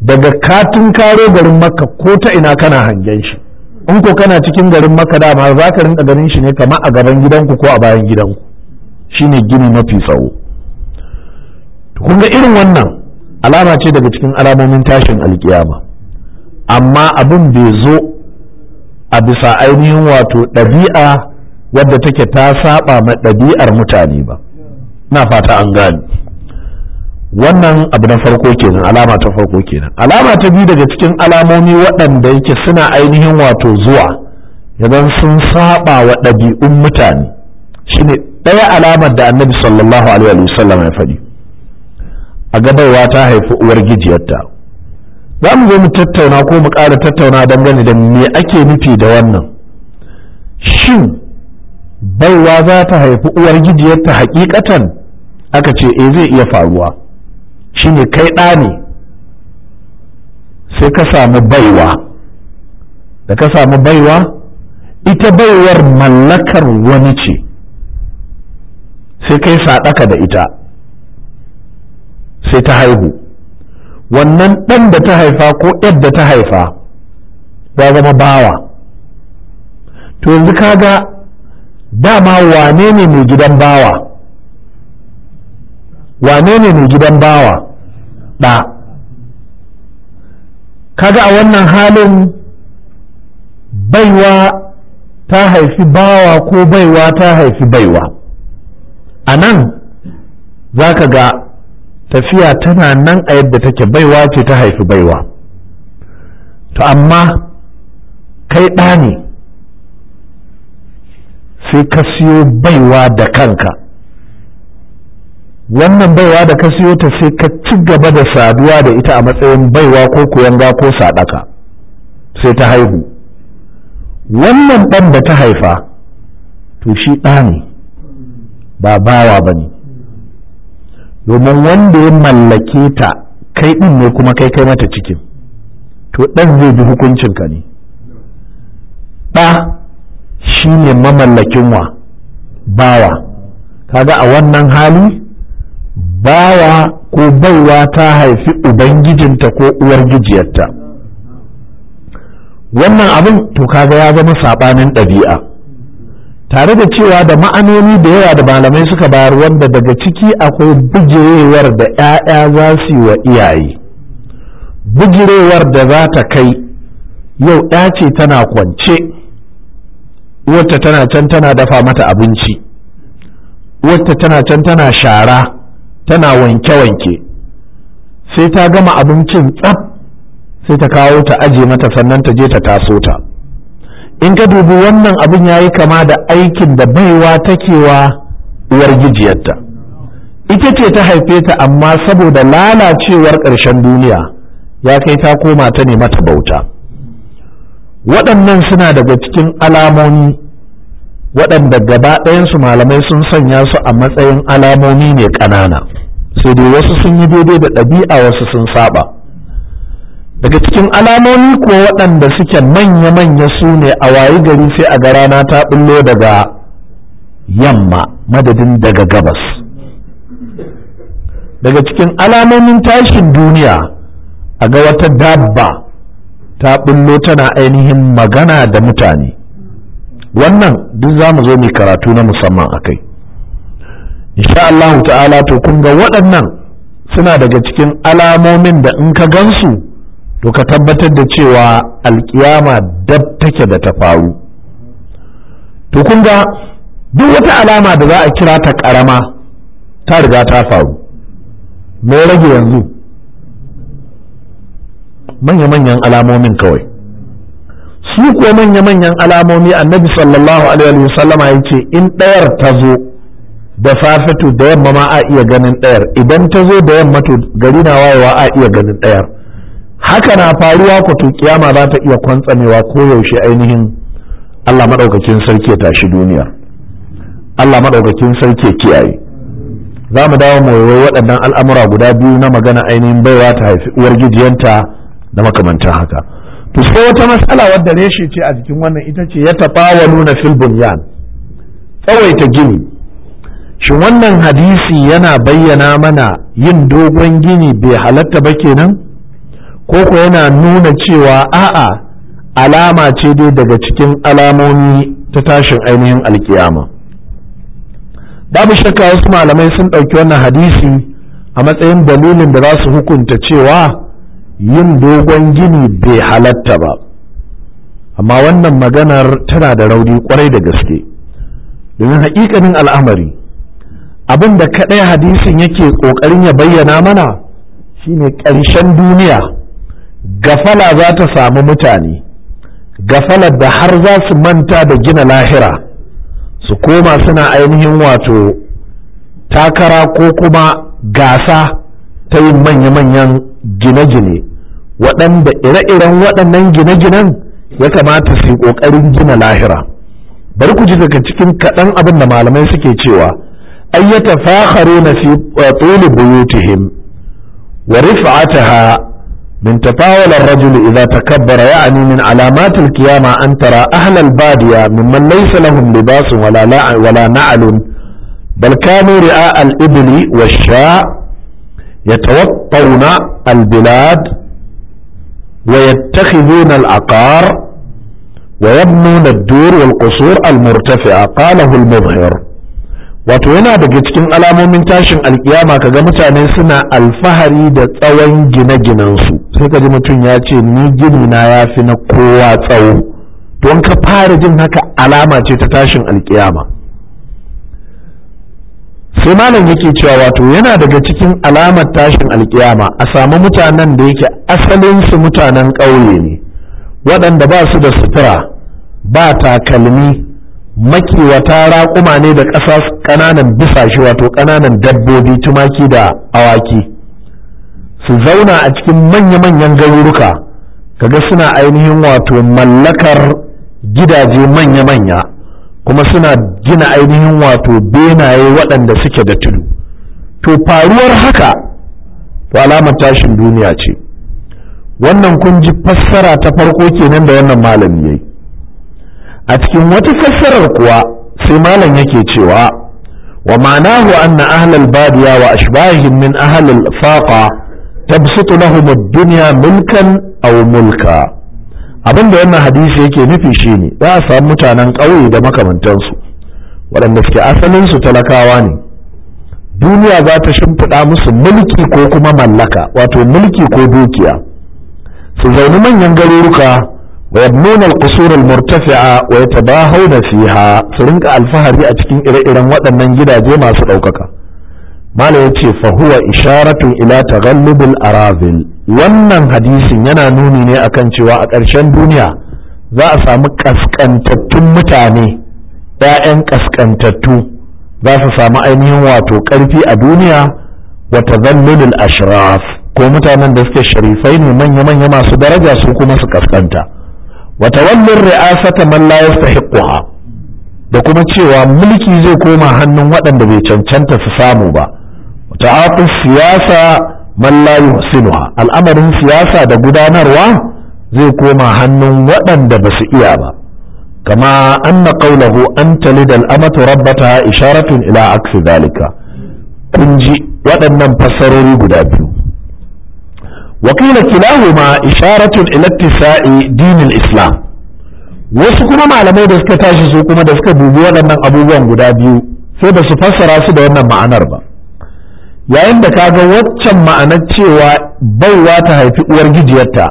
daga katin karo garin makka ko ta ina kana hangen shi in ko kana cikin garin makka dama za ka rinka ganin shi ne kamar a gaban gidanku ko a bayan gidanku shine gini mafi tsawo kun ga irin wannan alama ce daga cikin alamomin tashin alkiyama amma abin bai zo a bisa ainihin wato ɗabi'a wadda take ta saba ma ɗabi'ar mutane ba na fata an gani wannan abu na farko kenan alama ta farko kenan alama ta biyu daga cikin alamomi waɗanda yake suna ainihin wato zuwa idan sun saba wa ɗabi'un mutane shine ɗaya alamar da annabi sallallahu alaihi wasallam ya faɗi a gabawa ta haifi uwar gijiyarta za mu zo mu tattauna ko mu ƙara tattauna dangane da me ake nufi da wannan shin baiwa za ta haifi uwar gijiyarta hakikatan aka ce eh zai iya faruwa shine kai ɗa ne sai ka samu baiwa da ka samu baiwa ita baiwar mallakar wani ce sai kai saɗaka da ita sai ta haihu wannan ɗan da ta haifa ko da ta haifa ya zama bawa to yanzu kaga dama wane ne mai gidan bawa wane ne mai gidan bawa ɗa kaga a wannan halin baiwa ta haifi bawa ko baiwa ta haifi baiwa a nan za ka ga tafiya tana nan a yadda take baiwa ce ta haifi baiwa to amma kai ɗa ne sai ka siyo baiwa da kanka wannan baiwa da ka siyo ta sai ka ci gaba da saduwa da ita a matsayin baiwa ko kuyanga ko sadaka sai ta haihu wannan ɗan da ta haifa to shi ɗa ne ba bawa ba ne domin wanda ya mallake ta kai ɗin ne kuma kai kai mata cikin to ɗan zai bi hukuncinka ne ɗa shi ne mamallakin wa bawa kaga a wannan hali bawa ko baiwa ta haifi ubangijinta ko uwargijiyarta. wannan abin to kaga ya zama saɓanin ɗabi'a tare da cewa da ma'anoni da yawa da malamai suka bayar wanda daga ciki akwai bujirewar da 'ya'ya za su yi wa iyaye bujirewar da za ta kai yau ɗa ce tana kwance wata tana can tana dafa mata abinci wata tana can tana shara tana wanke-wanke sai ta gama abincin tsaf sai ta kawo ta aje mata sannan ta je ta taso ta in ka dubi wannan abin ya yi kama da aikin da baiwa takewa uwar gijiyarta ita ce ta haife ta amma saboda lalacewar ƙarshen duniya ya kai ta koma ta ne mata bauta waɗannan suna daga cikin alamomi waɗanda gaba ɗayansu malamai sun sanya su a matsayin alamomi ne ƙanana sai dai wasu sun yi daidai da ɗabi'a wasu sun saba daga cikin alamomi kuwa waɗanda suke manya-manya su ne a wayi gari sai a ga rana ta ɓullo daga yamma madadin daga gabas daga cikin alamomin tashin duniya a ga wata dabba ta ɓullo tana ainihin magana da mutane wannan duk za mu zo mu karatu na musamman a kai insha Allah ta'ala to kun ga waɗannan suna daga cikin alamomin da in ka gansu to ka tabbatar da cewa alkiyama dab take da ta faru to kun ga duk wata alama da za a kira ta karama ta riga ta faru me rage yanzu manya-manyan alamomin kawai shi ko manya-manyan alamomi annabi sallallahu alaihi wa sallama ya ce in ɗayar ta zo da safe da yamma ma a iya ganin ɗayar idan ta zo da yamma to gari na wayewa a iya ganin ɗayar haka na faruwa ku to kiyama za ta iya kwantsamewa ko yaushe ainihin Allah madaukakin sarki ya tashi duniya Allah madaukakin sarki ya kiyaye za mu dawo mu waɗannan al'amura guda biyu na magana ainihin baiwa ta haifi uwar gijiyanta da makamantan haka to sai wata matsala wadda reshe ce a jikin wannan ita ce ya tafawa nuna fil bunyan tsawaita gini shi wannan hadisi yana bayyana mana yin dogon gini bai halatta ba kenan ko ko yana nuna cewa a'a alama ce dai daga cikin alamomi ta tashin ainihin alkiyama babu shakka wasu malamai sun ɗauki wannan hadisi a matsayin dalilin da za su hukunta cewa yin dogon gini bai halatta ba amma wannan maganar tana da rauni kwarai da gaske domin haƙiƙanin al'amari abin da kaɗai hadisin yake ƙoƙarin ya bayyana mana shine ƙarshen duniya gafala za ta samu mutane gafalar da har za su manta da gina lahira su koma suna ainihin wato takara ko kuma gasa ta yin manya-manyan gine-gine waɗanda ire-iren waɗannan gine-ginen ya kamata su yi ƙoƙarin gina lahira bari ku ji daga cikin kaɗan abin da malamai suke cewa ay yatafakharuna fi tuli buyutihim wa rif'ataha min tafawul rajul idha takabbara ya'ni min alamat al-qiyama an tara ahla al-badiya mimman laysa lahum libasun wala wala na'lun بل كانوا رعاء الإبل والشاء يتوطون البلاد ويتخذون العقار ويبنون الدور والقصور المرتفعة قاله المظهر wato yana daga cikin alamomin tashin alkiyama kaga mutane suna alfahari da tsawon gine-ginensu sai ka ji mutum ya ce ni gini na ya fi na kowa tsawo don ka fara jin haka alama ce ta tashin alkiyama sai malam yake cewa wato yana daga cikin alamar tashin alkiyama a samu mutanen da yake asalinsu mutanen ƙauye ne waɗanda ba su da sutura ba takalmi makiwata raƙuma ne da ƙasa ƙananan bisashe wato ƙananan dabbobi tumaki da awaki su zauna a cikin manya-manyan garuruka kaga suna ainihin wato mallakar gidaje manya-manya kuma suna gina ainihin wato benaye waɗanda suke da tudu to faruwar haka to alamar tashin duniya ce wannan kun ji fassara ta farko kenan da wannan malami yayi a cikin wata fassarar kuwa sai malam yake cewa wa ma'anahu anna ahlal badiya wa ashbahihim min ahlal faqa tabsutu lahum ad-dunya mulkan aw mulka abin da wannan hadisi yake nufi shine za a samu mutanen ƙauye da makamantansu waɗanda suke su talakawa ne duniya za ta shimfiɗa musu mulki ko kuma mallaka wato mulki ko dukiya su zauni manyan garuruka wa yabnuna al-qusur al-murtafi'a wa yatabahawna fiha su rinka alfahari a cikin ire-iren waɗannan gidaje masu ɗaukaka mala ya ce fahuwa isharatun ila taghallubul arazil wannan hadisin yana nuni ne akan cewa a ƙarshen duniya za a samu ƙasƙantattun mutane ‘ya'yan ƙasƙantattu za su samu ainihin wato ƙarfi a duniya wa taghallulul ashraf ko mutanen da suke sharifai ne manya-manya masu daraja su kuma su ƙasƙanta wa tawallin ri'asata man la yastahiqquha da kuma cewa mulki zai koma hannun waɗanda bai cancanta su samu ba ta'atuf siyasa man la al'amarin siyasa da gudanarwa zai koma hannu waɗanda basu iya ba kama anna qawluhu an talida al'amatu rabbata isharatun ila aksi zalika kun ji waɗannan fassarori guda biyu wakila kilahuma isharatun ila ittisa'i islam wasu kuma malamai da suka tashi su kuma da suka dubi waɗannan abubuwan guda biyu sai ba su fassara su da wannan ma'anar ba yayin da ka ga waccan ma'anar cewa baiwa ta haifi uwar gijiyarta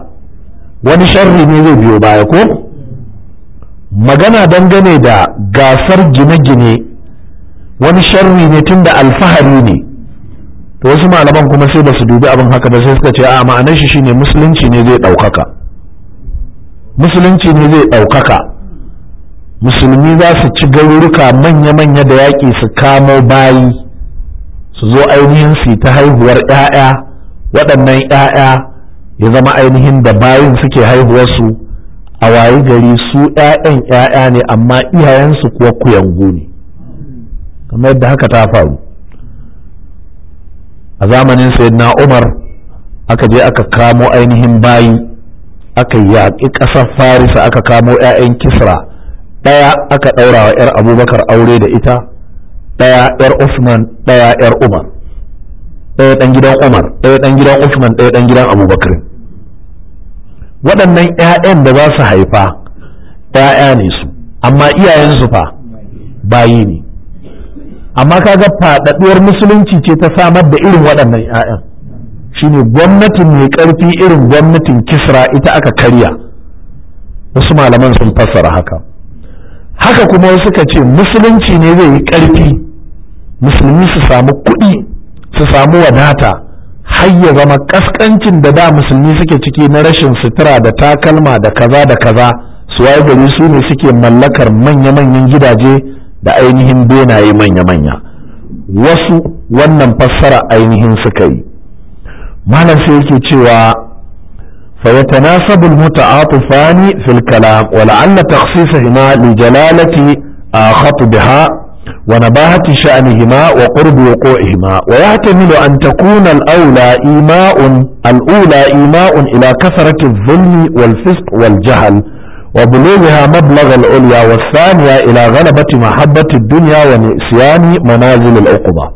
wani sharri ne zai biyo baya ko magana dangane da gasar gine-gine wani sharri ne tunda alfahari ne to wasu malaman kuma sai ba su dubi abin haka ba sai suka ce a ma'anar shi shine musulunci ne zai ɗaukaka musulunci ne zai ɗaukaka musulmi za su ci garuruka manya-manya da yaƙi su kamo bayi su zo ainihin su ta haihuwar 'ya'ya waɗannan 'ya'ya ya zama ainihin da bayin suke haihuwarsu a wayi gari su 'ya'yan 'ya'ya ne amma iyayensu kuwa kuyangu ne kamar yadda haka ta faru a zamanin sayyidina umar aka je aka kamo ainihin bayi aka yaƙi ƙasar farisa aka kamo 'ya'yan kisra ɗaya aka ɗaura wa 'yar abubakar aure da ita ɗaya ɗar Usman ɗaya ɗar Umar ɗaya ɗan gidan Umar ɗaya ɗan gidan Usman ɗaya ɗan gidan Abubakar waɗannan ƴaƴan da za su haifa ƴaƴa ne su amma iyayensu fa bayi ne amma kaga faɗaɗuwar musulunci ce ta samar da irin waɗannan ƴaƴan shine gwamnatin mai ƙarfi irin gwamnatin Kisra ita aka karya wasu malaman sun fassara haka haka kuma wasu suka ce musulunci ne zai yi ƙarfi musulmi su samu kuɗi su samu wadata har ya zama ƙasƙancin da da musulmi suke ciki na rashin sutura da takalma da kaza da kaza su waye gari su ne suke mallakar manya-manyan gidaje da ainihin benaye manya-manya wasu wannan fassara ainihin suka yi malam sai yake cewa فيتناسب المتعاطفان في الكلام ولعل تخصيصهما لجلالة خطبها ونباهة شأنهما وقرب وقوعهما ويحتمل أن تكون الأولى إيماء الأولى إيماء إلى كثرة الظلم والفسق والجهل وبلوغها مبلغ العليا والثانية إلى غلبة محبة الدنيا ونسيان منازل العقبة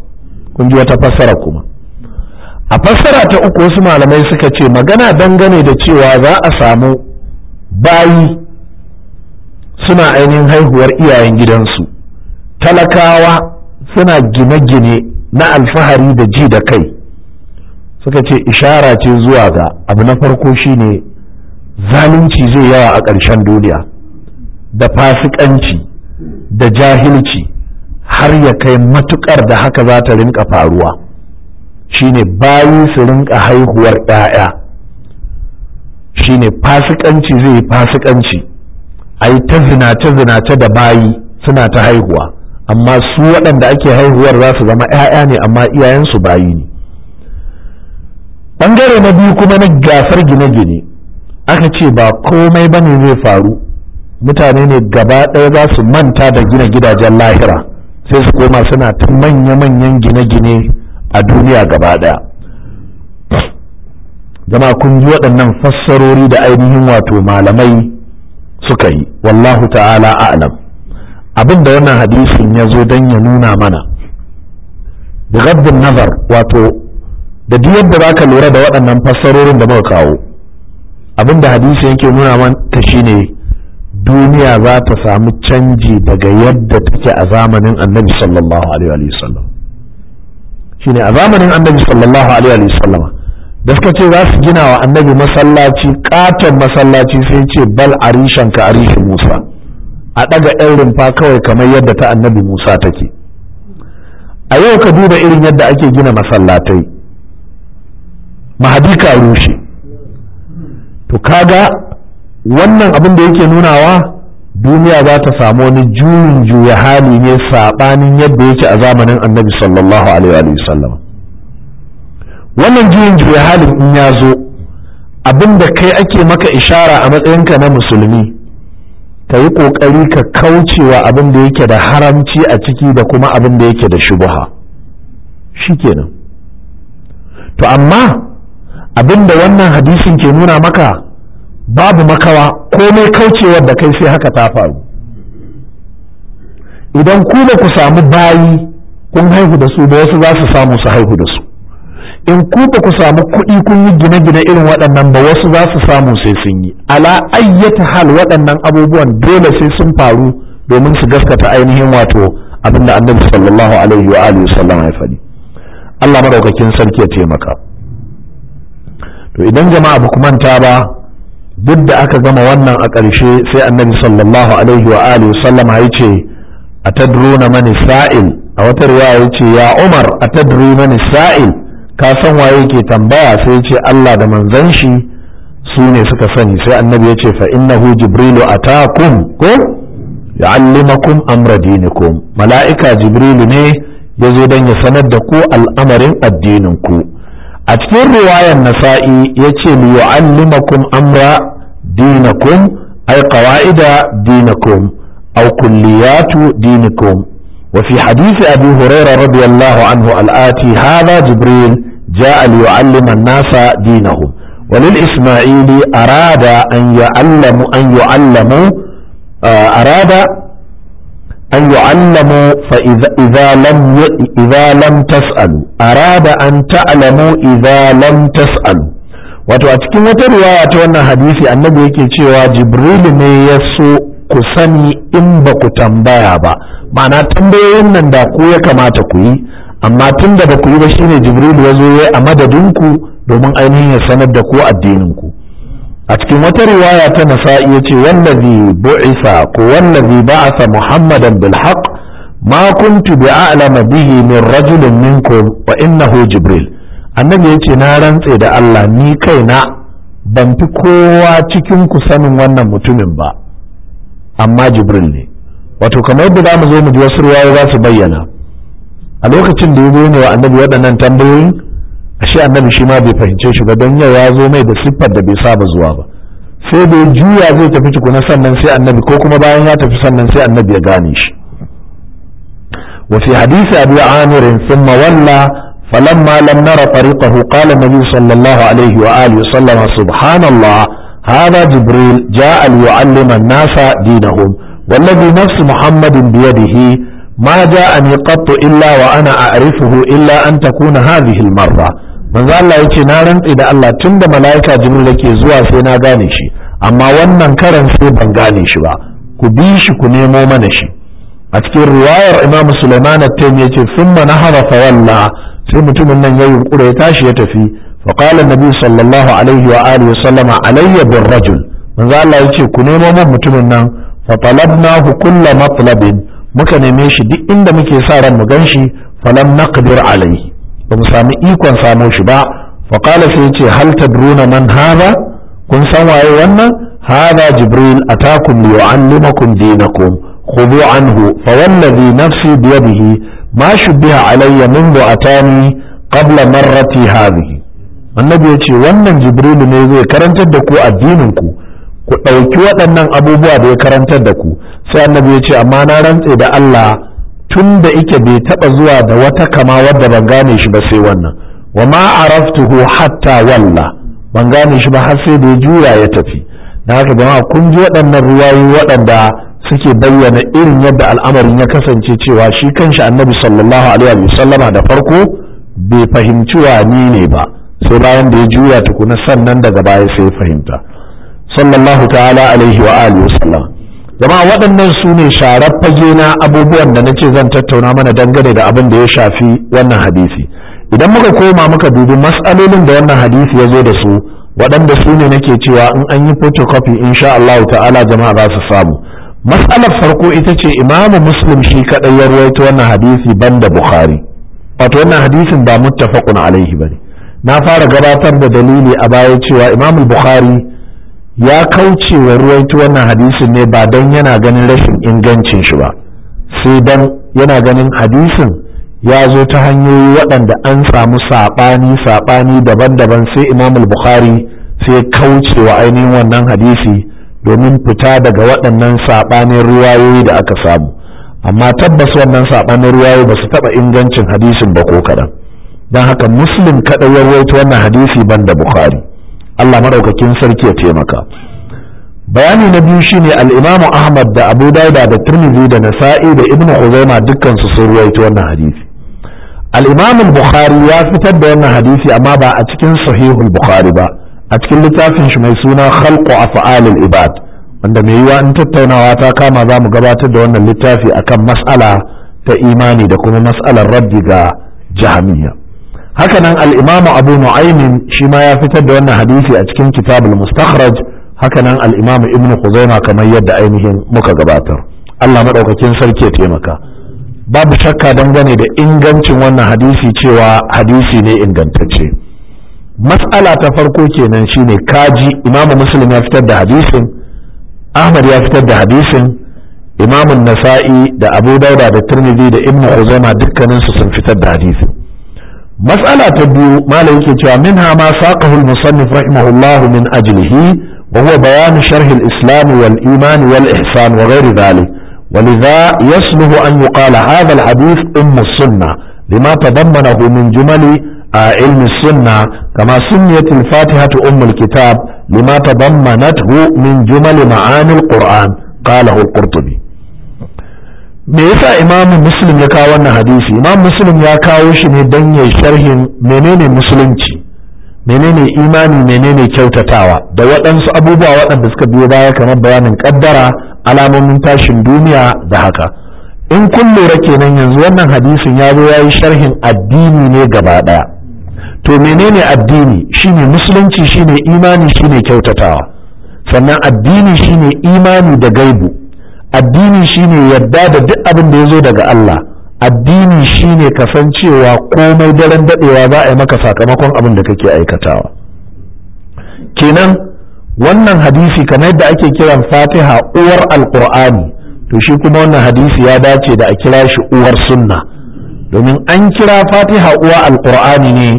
كنت وتفسركما a fassara ta uku wasu malamai suka ce magana dangane da cewa za a samu bayi suna ainihin haihuwar iyayen gidansu talakawa suna gine-gine na alfahari da ji da kai suka ce ishara ce zuwa ga abu na farko shine zalunci zai yawa a ƙarshen duniya da fasikanci da jahilci har ya kai matukar da haka za ta rinka faruwa shine bayi su rinka haihuwar ɗaya shine fasikanci zai yi fasikanci a yi ta zinace zinace da bayi suna ta haihuwa amma su waɗanda ake haihuwar za su zama 'ya'ya ne amma iyayensu bayi ne ɓangare na biyu kuma na gasar gine-gine aka ce ba komai bane zai faru mutane ne gaba ɗaya za su manta da gina gidajen lahira sai su koma suna ta manya-manyan gine-gine a duniya gaba ɗaya jama'a kun ji waɗannan fassarori da ainihin wato malamai suka yi wallahu ta'ala a'lam abin da wannan hadisin ya zo don ya nuna mana da gabbin nazar wato da duk yadda za ka lura da waɗannan fassarorin da muka kawo abin da hadisin yake nuna manta ne duniya za ta samu canji daga yadda take a zamanin annabi sallallahu alaihi wasallam shine a zamanin annabi sallallahu alaihi wa sallama da suka ce za su gina wa annabi masallaci katon masallaci sai ce bal arishan ka arishin musa a ɗaga yan rumfa kawai kamar yadda ta annabi musa take a yau ka duba irin yadda ake gina masallatai mahadi ka rushe to kaga wannan abin da yake nunawa duniya za ta samu wani juyin juya hali ne saɓanin yadda yake a zamanin annabi sallallahu alaihi wa sallam wannan juyin juya halin in ya zo abinda kai ake maka ishara a matsayinka na musulmi ka yi ƙoƙari ka kaucewa abin da yake da haramci a ciki da kuma abin da yake da shubuha shi kenan to amma abin da wannan hadisin ke nuna maka babu makawa komai kaucewar da kai sai haka ta faru idan ku ba ku samu bayi kun haihu da su ba wasu za su samu su haihu da su in ku ba ku samu kuɗi kun yi gine-gine irin waɗannan ba wasu za su samu sai sun yi ala ayyata hal waɗannan abubuwan dole sai sun faru domin su gaskata ainihin wato abin da annabi sallallahu alaihi wa alihi sallam ya faɗi Allah madaukakin sarki ya taimaka to idan jama'a ba ku manta ba duk da aka gama wannan a ƙarshe sai annabi sallallahu alaihi wa alihi sallam ya ce a tadruna mani sa'il a wata riwaya ya ce ya umar a tadri mani sa'il ka san waye ke tambaya sai ya ce Allah da manzon shi su ne suka sani sai annabi ya ce fa innahu jibrilu atakum ko ya'allimakum amra dinikum mala'ika jibrilu ne ya zo don ya sanar da ku al'amarin addinin ku a cikin riwayar nasa'i ya ce liyu'allimakum amra dinakum ay qawaida dinakum aw kulliyatu dinikum wa fi hadisi abi huraira radiyallahu anhu al'ati hadha jibril ja'a liyu'allima an-nasa dinahum وللإسماعيلي أراد an يعلم أن يعلموا أراد أن يعلموا فإذا لم ي... إذا لم تسألوا أراد أن تعلموا إذا لم تسألوا wato a cikin wata riwaya ta wannan hadisi annabi yake cewa jibrilu ne ya so ku sani in ba ku tambaya ba ma'ana tambayoyin nan da ku ya kamata ku yi amma tun da ba ku yi ba shine jibrilu ya zo ya a madadinku domin ainihin ya sanar da ku addininku a cikin wata riwaya ta nasa'i ya ce wallazi bu'isa ko wallazi ba'asa muhammadan bilhaq ma kuntu bi a'lama bihi min rajulin minkum wa innahu jibril annabi ya ce na rantse da Allah ni kaina ban fi kowa cikin ku sanin wannan mutumin ba amma jibril ne wato kamar yadda zamu zo mu ji wasu riwaya za su bayyana a lokacin da ya zo ne wa annabi waɗannan tambayoyin ashe annabi shi ma bai fahimce shi ba don yau ya zo mai da siffar da bai saba zuwa ba sai bai juya zai tafi tukuna sannan sai annabi ko kuma bayan ya tafi sannan sai annabi ya gane shi wa fi hadisi abu amir thumma walla falamma lam nara tariqahu qala nabi sallallahu alaihi wa alihi sallam subhanallah هذا جبريل جاء ليعلم الناس دينهم والذي نفس محمد illa ما جاءني قط إلا وأنا أعرفه إلا أن تكون هذه المرة manzo Allah ya ce na rantse da Allah tun da mala'ika jibril yake zuwa sai na gane shi amma wannan karan sai ban gane shi ba ku bi shi ku nemo mana shi a cikin riwayar imamu sulaiman at-taymi yace thumma nahara fa walla sai mutumin nan ya yunkura ya tashi ya tafi fa qala nabi sallallahu alaihi wa alihi sallama alayya bir rajul manzo Allah yace ku nemo mun mutumin nan fa talabnahu kulla matlabin muka neme shi duk inda muke sa ran mu ganshi falam naqdir alaihi ba mu ikon samo shi ba faƙala sai ce hal tadruna man Hada kun san waye wannan haza jibril atakum li yu'allimakum dinakum khudhu anhu fa wallazi nafsi bi ma shubbiha alayya منذ atani qabla marrati hadhihi annabi yace ce wannan jibril ne zai karantar da ku addinin ku ku ɗauki waɗannan abubuwa da ya karantar da ku sai annabi yace ce amma na rantse da Allah tun da ike bai taba zuwa da wata kama wadda ban gane shi ba sai wannan wa ma araftuhu hatta walla ban gane shi ba har sai da juya ya tafi da haka jama'a kun ji waɗannan ruwayoyi waɗanda suke bayyana irin yadda al'amarin ya kasance cewa shi kanshi annabi sallallahu alaihi wa da farko bai fahimci wani ne ba sai bayan da ya juya tukuna sannan daga baya sai fahimta sallallahu ta'ala alaihi wa alihi wa jama'a waɗannan su ne sharar fage na abubuwan da na ce zan tattauna mana dangane da abin da ya shafi wannan hadisi idan muka koma muka dubi matsalolin da wannan hadisi ya zo da su waɗanda su ne nake cewa in an yi photocopy insha Allah ta'ala jama'a za su samu matsalar farko ita ce imamu muslim shi kaɗai ya ruwaito wannan hadisi banda bukhari wato wannan hadisin ba muttafaqun alaihi bane na fara gabatar da dalili a baya cewa imamu bukhari ya kauce wa ruwaito wannan hadisin ne ba don yana ganin rashin ingancin shi ba sai don yana ganin hadisin ya zo ta hanyoyi waɗanda an samu saɓani saɓani daban-daban sai imamul bukhari sai kauce wa ainihin wannan hadisi domin fita daga waɗannan saɓanin ruwayoyi da aka samu amma tabbas wannan saɓanin ruwayoyi ba su taɓa ingancin hadisin ba ko kaɗan don haka muslim kaɗai ya wannan hadisi ban da bukhari Allah maɗaukakin sarki ya taimaka bayani na biyu shine al-Imam Ahmad da Abu dauda da Tirmidhi da Nasa'i da Ibn Khuzaimah dukkan su sun ruwaito wannan hadisi al-Imam al-Bukhari ya fitar da wannan hadisi amma ba a cikin Sahihul Bukhari ba a cikin littafin shi mai suna Khalqu Af'al al-Ibad wanda mai yiwa in tattaunawa ta kama za mu gabatar da wannan littafi akan mas'ala ta imani da kuma mas'alar raddi ga jahamiya hakanan al-imamu abu nu'aymin shi ma ya fitar da wannan hadisi a cikin kitabul mustakhraj hakanan al-imamu ibn khuzaimah kamar yadda ainihin muka gabatar Allah maɗaukakin sarki ya taimaka babu shakka dangane da ingancin wannan hadisi cewa hadisi ne ingantacce matsala ta farko kenan shine kaji imamu muslim ya fitar da hadisin ahmad ya fitar da hadisin imamun nasa'i da abu dauda da turmidi da ibn khuzaimah dukkaninsu sun fitar da hadisin Matsala ta biyu malam yake cewa minha ma saqahu musannif rahimahullah min ajlihi wa huwa bayan sharh al-islam wal iman wal ihsan wa ghairi dhalik ولذا يصلح أن يقال هذا الحديث أم السنة لما تضمنه من جمل علم السنة كما سميت الفاتحة أم الكتاب لما تضمنته من جمل معاني القرآن قاله القرطبي me yasa imamu muslim ya kawo wannan hadisi imamu muslim ya kawo shi ne don ya sharhin menene musulunci menene imani menene kyautatawa da waɗansu abubuwa waɗanda suka biyo baya kamar bayanin kaddara alamomin tashin duniya da haka in kun lura kenan yanzu wannan hadisin ya zo ya yi sharhin addini ne gaba ɗaya to menene addini shine musulunci shine imani shine kyautatawa sannan addini shine imani da gaibu addini shine yarda da duk abin da ya zo daga Allah addini shine kasancewa komai daren daɗewa za a yi maka sakamakon abin da kake aikatawa kenan wannan hadisi kamar yadda ake kiran fatiha uwar alqur'ani to shi kuma wannan hadisi ya dace da a kira shi uwar sunna domin an kira fatiha uwa alqur'ani ne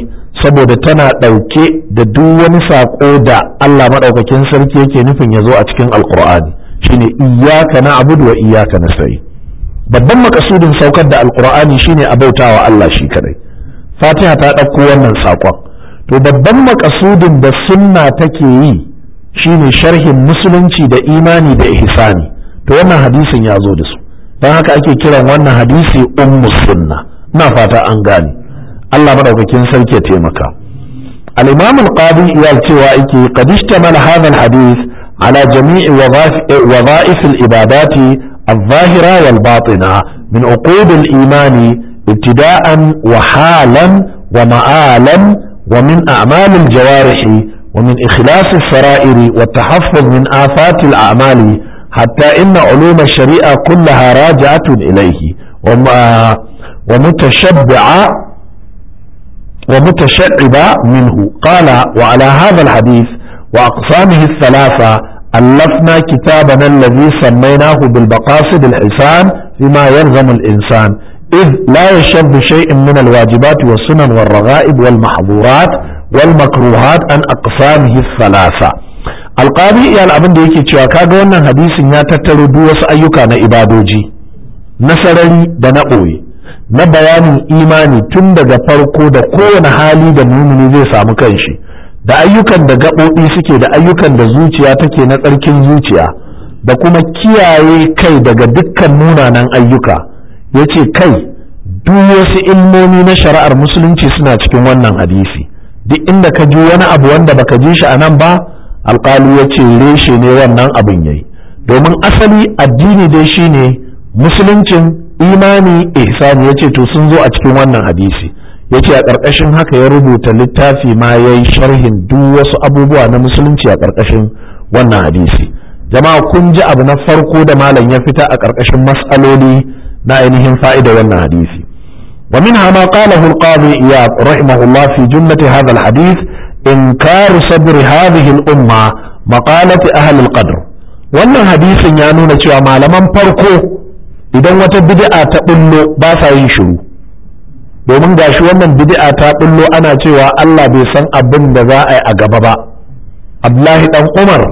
saboda tana ɗauke da duk wani saƙo da Allah maɗaukakin sarki yake nufin ya zo a cikin alqur'ani shine iyyaka na'budu wa iyyaka nasta'in babban makasudin saukar da alqur'ani shine a bautawa Allah shi kadai fatiha ta ɗauko wannan sakon to babban makasudin da sunna take yi shine sharhin musulunci da imani da ihsani to wannan hadisin ya zo da su don haka ake kiran wannan hadisi ummu sunna ina fata an gane Allah madaukakin sarki ya taimaka al-imam al-qadi ya cewa yake qad mal hadha al-hadith على جميع وظائف العبادات الظاهرة والباطنة من عقود الإيمان ابتداء وحالا ومآلا ومن أعمال الجوارح ومن إخلاص السرائر والتحفظ من آفات الأعمال حتى إن علوم الشريعة كلها راجعة إليه ومتشبعة ومتشعبة منه قال وعلى هذا الحديث wa aqsamihi thalatha allafna kitabana allazi sammaynahu bil maqasid al ihsan fima yalzamu al insan إذ لا يشد شيء من الواجبات والسنن والرغائب والمحظورات والمكروهات عن أقسامه الثلاثة alƙali iyal abin da yake cewa kaga wannan hadisin ya tattaro duk wasu ayyuka na ibadoji na da na ɓoye na bayanin imani tun daga farko da kowane hali da mumini zai samu kanshi da ayyukan da gaɓoɓi suke da ayyukan da zuciya take na tsarkin zuciya da kuma kiyaye kai daga dukkan munanan ayyuka yace kai duk wasu ilmomi na shari'ar musulunci suna cikin wannan hadisi duk inda ka ji wani abu wanda baka ji shi a nan ba alƙalu ya reshe ne wannan abin yayi domin asali addini dai shine musuluncin imani ihsani ya ce to sun zo a cikin wannan hadisi yace a ƙarƙashin haka ya rubuta littafi ma yayi sharhin duk wasu abubuwa na musulunci a ƙarƙashin wannan hadisi jama'a kun ji abu na farko da malam ya fita a ƙarƙashin mas'aloli na ainihin fa'ida wannan hadisi wa min ma qalahu al-qadi iyad rahimahullah fi jumlati hadha al-hadith inkar sabr hadhihi al-umma maqalati ahli al-qadr wannan hadisin ya nuna cewa malaman farko idan wata bid'a ta bullo ba sa yin shiru domin ga shi wannan bid'a ta bullo ana cewa Allah bai san abin da za a yi a gaba ba Abdullahi dan Umar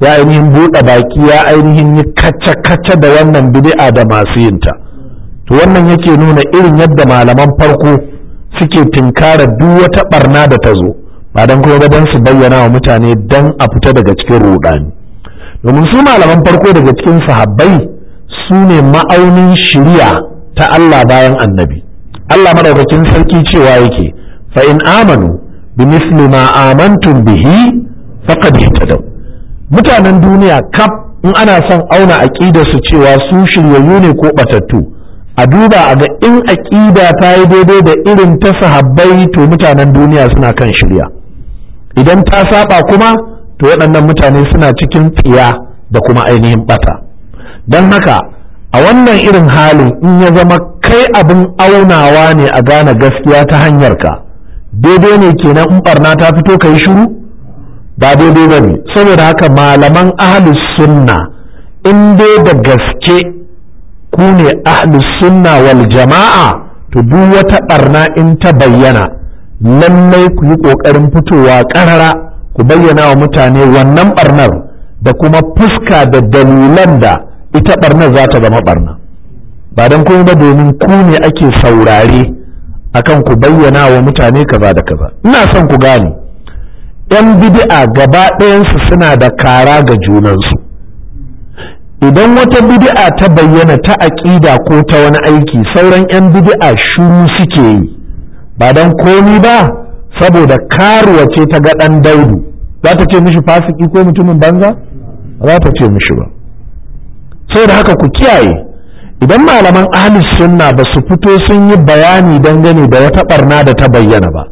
ya ainihin buɗe baki ya ainihin yi kacce kacce da wannan bid'a da masu yinta to wannan yake nuna irin yadda malaman farko suke tinkara duk wata barna da ta zo ba don kuma don su bayyana wa mutane dan a fita daga cikin rudani domin su malaman farko daga cikin sahabbai su ne ma'aunin shiriya ta Allah bayan annabi Allah madaukakin sarki cewa yake fa in amanu bi misli ma amantum bihi faqad ihtadaw mutanen duniya kaf in ana son auna aqidar su cewa su shiryayyu ne ko batattu a duba a ga in aqida ta yi daidai da irin ta sahabbai to mutanen duniya suna kan shirya idan ta saba kuma to waɗannan mutane suna cikin tsiya da kuma ainihin bata dan haka a wannan irin halin in ya zama kai abin aunawa ne a gane gaskiya ta hanyar ka daidai ne kenan in barna ta fito ka yi shiru ba daidai ba ne saboda haka malaman ahlus sunna in dai da gaske ku ne ahlus sunna wal jama'a to duk wata barna in ta bayyana lallai ku yi ƙoƙarin fitowa ƙarara ku bayyana wa mutane wannan barnar da kuma fuska da dalilan da ita barnar za ta zama barna ba don kuma ba domin ku ne ake saurare akan ku bayyana wa mutane kaza da kaza ina son ku gane yan bid'a gaba ɗayansu suna da kara ga junansu idan wata bid'a ta bayyana ta aƙida ko ta wani aiki sauran yan bid'a shuru suke yi ba don komi ba saboda karuwa ce ta ga ɗan daudu za ta ce mishi fasiki ko mutumin banza za ta ce mishi ba da haka ku kiyaye idan malaman ahlus sunna ba su fito sun yi bayani dangane da wata barna da ta bayyana ba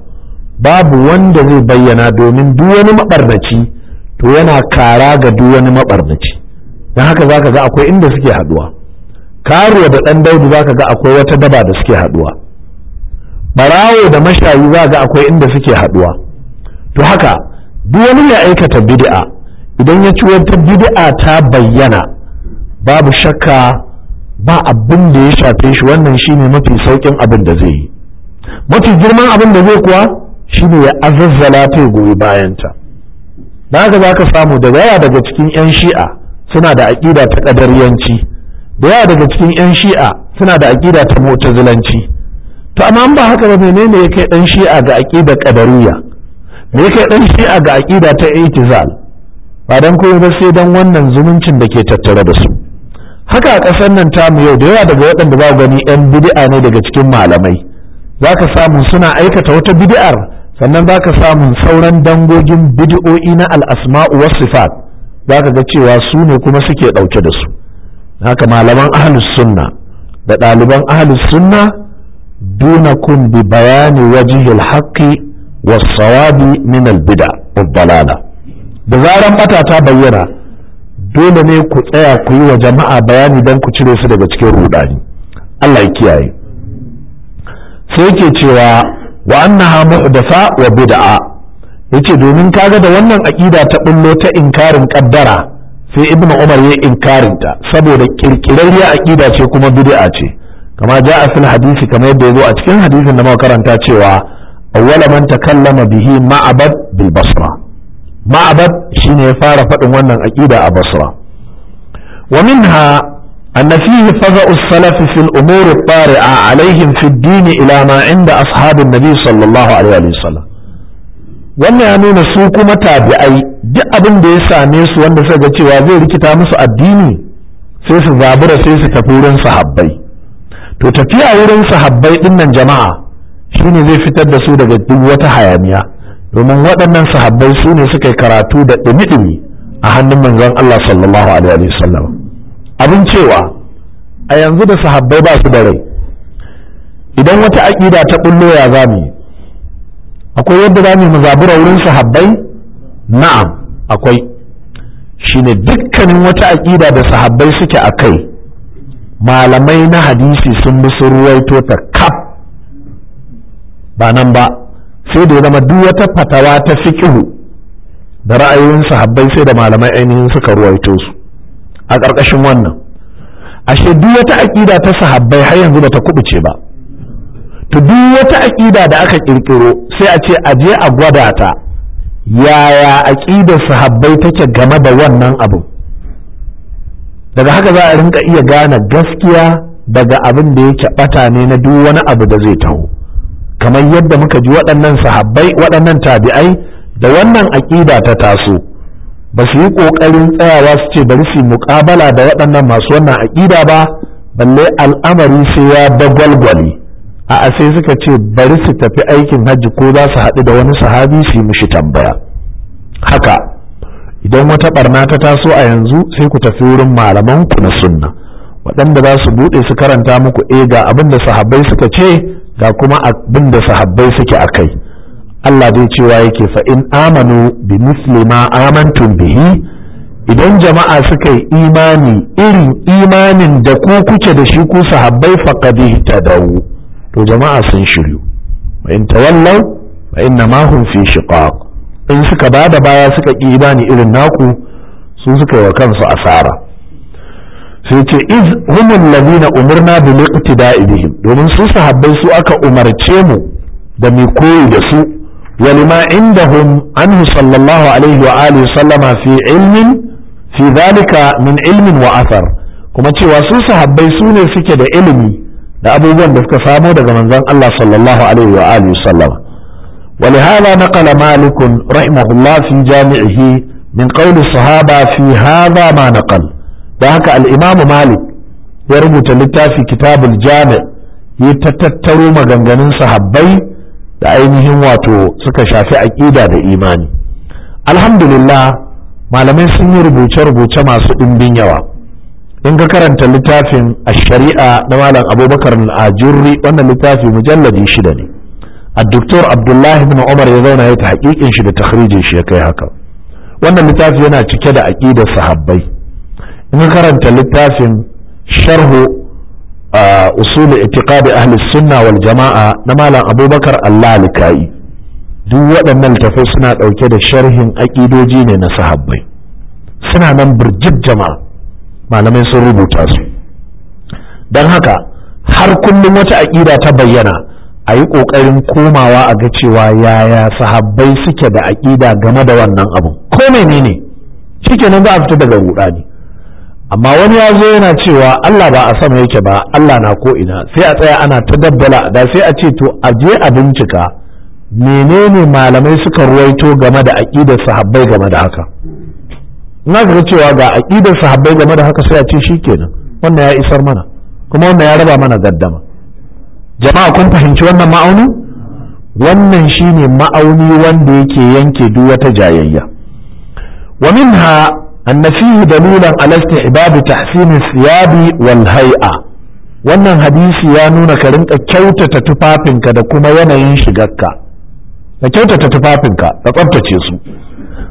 babu wanda zai bayyana domin duk wani mabarnaci to yana kara ga duk wani mabarnaci don haka zaka ga akwai inda suke haduwa karuwa da dan daudu zaka ga akwai wata daba da suke haduwa barawo da mashayi za ga akwai inda suke haduwa to haka duk wani ya aikata bid'a idan ya ci wata bid'a ta bayyana babu shakka ba abin da ya shafe shi wannan shine mafi saukin abin da zai yi mafi girman abin da zai kuwa shine ya azazzala ta goyi bayanta da haka za ka samu da yawa daga cikin 'yan shi'a suna da aƙida ta ƙadariyanci da yawa daga cikin 'yan shi'a suna da aƙida ta mutazilanci to amma ba haka ba menene ya kai ɗan shi'a ga aƙida ƙadariya me ya kai ɗan shi'a ga aƙida ta itizal ba don kuma sai don wannan zumuncin da ke tattare da su haka a ƙasar nan tamu yau da yawa daga waɗanda ba gani 'yan bid'a ne daga cikin malamai za ka samu suna aikata wata bid'ar sannan za ka samu sauran dangogin bid'o'i na al'asma'u was sifat za ka ga cewa su ne kuma suke ɗauke da su haka malaman ahlus sunna da ɗaliban ahlus sunna kun bi bayani wajihil haqqi was sawabi min al bid'a da zaran bata ta bayyana dole ne ku tsaya ku yi wa jama'a bayani don ku cire su daga cikin rudani Allah ya kiyaye sai yake cewa wa annaha muhdatha wa bid'a yace domin kaga da wannan aqida ta bullo ta inkarin kaddara sai ibnu umar ya inkarin ta saboda ya aqida ce kuma bid'a ce kama ja fil hadisi kamar yadda yazo a cikin hadisin da muka karanta cewa awwala man takallama bihi ma'abad bil basra ma'abad shine ya fara faɗin wannan aƙida a basra wa minha أن فيه فزع السلف في الأمور الطارئة عليهم في الدين إلى ما عند أصحاب النبي صلى الله عليه وسلم wannan ya nuna su kuma tabi'ai duk abin da ya same su wanda suka ga cewa zai rikita musu addini sai su zabura sai su tafi wurin sahabbai to tafiya wurin sahabbai din nan jama'a shine zai fitar da su daga duk wata hayaniya domin waɗannan sahabbai su ne suka yi karatu da ɗumi-ɗumi a hannun manzon Allah sallallahu alaihi wasallam abin cewa a yanzu da sahabbai ba su da rai idan wata aƙida ta bullo ya zame akwai yadda zamu mu zabura wurin sahabbai na'am akwai shine dukkanin wata aƙida da sahabbai suke a kai malamai na hadisi sun bi ruwaito ta kaf ba nan ba sai da ya zama duk wata fatawa ta fikihu da ra'ayoyin sahabbai sai da malamai ainihin suka ruwaito su a ƙarƙashin wannan ashe duk wata aƙida ta sahabbai har yanzu bata kubuce ba to duk wata aƙida da aka ƙirƙiro sai a ce a je a gwada ta yaya aƙidar sahabbai take game da wannan abu daga haka za a rinka iya gane gaskiya daga abin da yake ɓata ne na duk wani abu da zai taho kamar yadda muka ji waɗannan sahabbai waɗannan tabi'ai da wannan aƙida ta taso ba su yi ƙoƙarin tsayawa su ce bari su muƙabala da waɗannan masu wannan aƙida ba balle al'amari sai ya bagwalgwale a'a sai suka ce bari su tafi aikin hajji ko za su haɗu da wani sahabi su yi mishi tambaya haka idan wata ɓarna ta taso a yanzu sai ku tafi wurin malaman ku na sunna waɗanda za su buɗe su karanta muku eh ga abin da sahabbai suka ce ga kuma abin da sahabbai suke a kai Allah dai cewa yake fa in amanu bi muslima amantum bihi idan jama'a suka yi imani irin imanin da ku kuke da shi ku sahabbai faqad ihtadaw to jama'a sun shiryu wa in tawallaw fa inna ma hum fi shiqaq in suka bada baya suka ki imani irin naku su suka yi wa kansu asara sai ce iz humul ladina umirna bil iqtida'i bihim domin su sahabbai su aka umarce mu da mu koyi da su wa lima indahum anhu sallallahu alaihi wa alihi sallama fi ilmin fi dhalika min ilmin wa athar kuma cewa su sahabbai su ne suke da ilimi da abubuwan da suka samo daga manzon Allah sallallahu alaihi wa alihi sallama ولهذا نقل مالك رحمه الله في جامعه من قول الصحابة في هذا ما نقل da haka al'imamu malik ya rubuta littafi kitabul jami ya ta tattaro maganganun sahabbai da ainihin wato suka shafi aƙida da imani alhamdulillah malamai sun yi rubuce-rubuce masu ɗimbin yawa in ka karanta littafin a shari'a na malam abubakar al'ajirri wannan littafi mujalladi shida ne a doktor abdullahi bin umar ya zauna ya ta hakikin shi da takhrijin shi ya kai haka wannan littafi yana cike da aƙidar sahabbai in karanta littafin sharhu usul itiqadi ahli sunna wal jama'a na malam abubakar allah likai duk waɗannan littafai suna ɗauke da sharhin aƙidoji ne na sahabbai suna nan birjit jama'a malamai sun rubuta su don haka har kullum wata aƙida ta bayyana a yi ƙoƙarin komawa a ga cewa yaya sahabbai suke da aƙida game da wannan abu ko menene shikenan za a fita daga ruɗani amma wani ya zo yana cewa Allah ba a sama yake ba Allah na ko ina sai a tsaya ana ta dabbala da sai a ce to a je a bincika menene malamai suka ruwaito game da aqidar sahabbai game da haka na ga cewa ga aƙidar sahabbai game da haka sai a ce shikenan wannan ya isar mana kuma wannan ya raba mana gaddama jama'a kun fahimci wannan ma'auni wannan shine ma'auni wanda yake yanke duk wata jayayya wa minha أن فيه دليلا على استحباب تحسين الثياب والهيئة wannan hadisi ya nuna ka rinka kyautata tufafinka da kuma yanayin shigarka ka kyautata tufafinka ka tsabtace su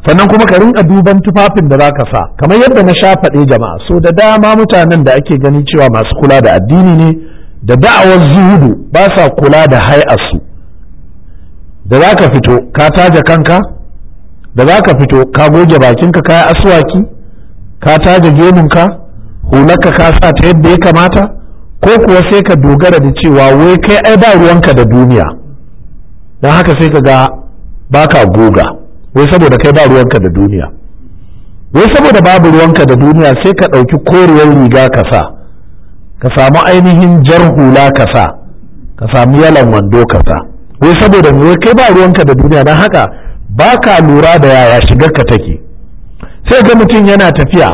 sannan kuma ka rinka duban tufafin da zaka sa kamar yadda na sha faɗe jama'a so da dama mutanen da ake gani cewa masu kula da addini ne da da'awar zuhudu ba sa kula da hai'arsu da zaka fito ka taje kanka da za ka fito ka goge bakinka ka yi aswaki ka taje gemunka hularka ka sa ta yadda ya kamata ko kuwa sai ka dogara da cewa wai kai ai ba ruwanka da duniya don haka sai ka ga ba ka goga wai saboda kai ba ruwanka da duniya wai saboda babu ruwanka da duniya sai ka ɗauki koruwar riga ka sa ka samu ainihin jar hula ka sa ka samu yalan wando ka sa wai saboda wai kai ba ruwanka da duniya don haka ba ka lura da yaya shigar ka take sai ga mutum yana tafiya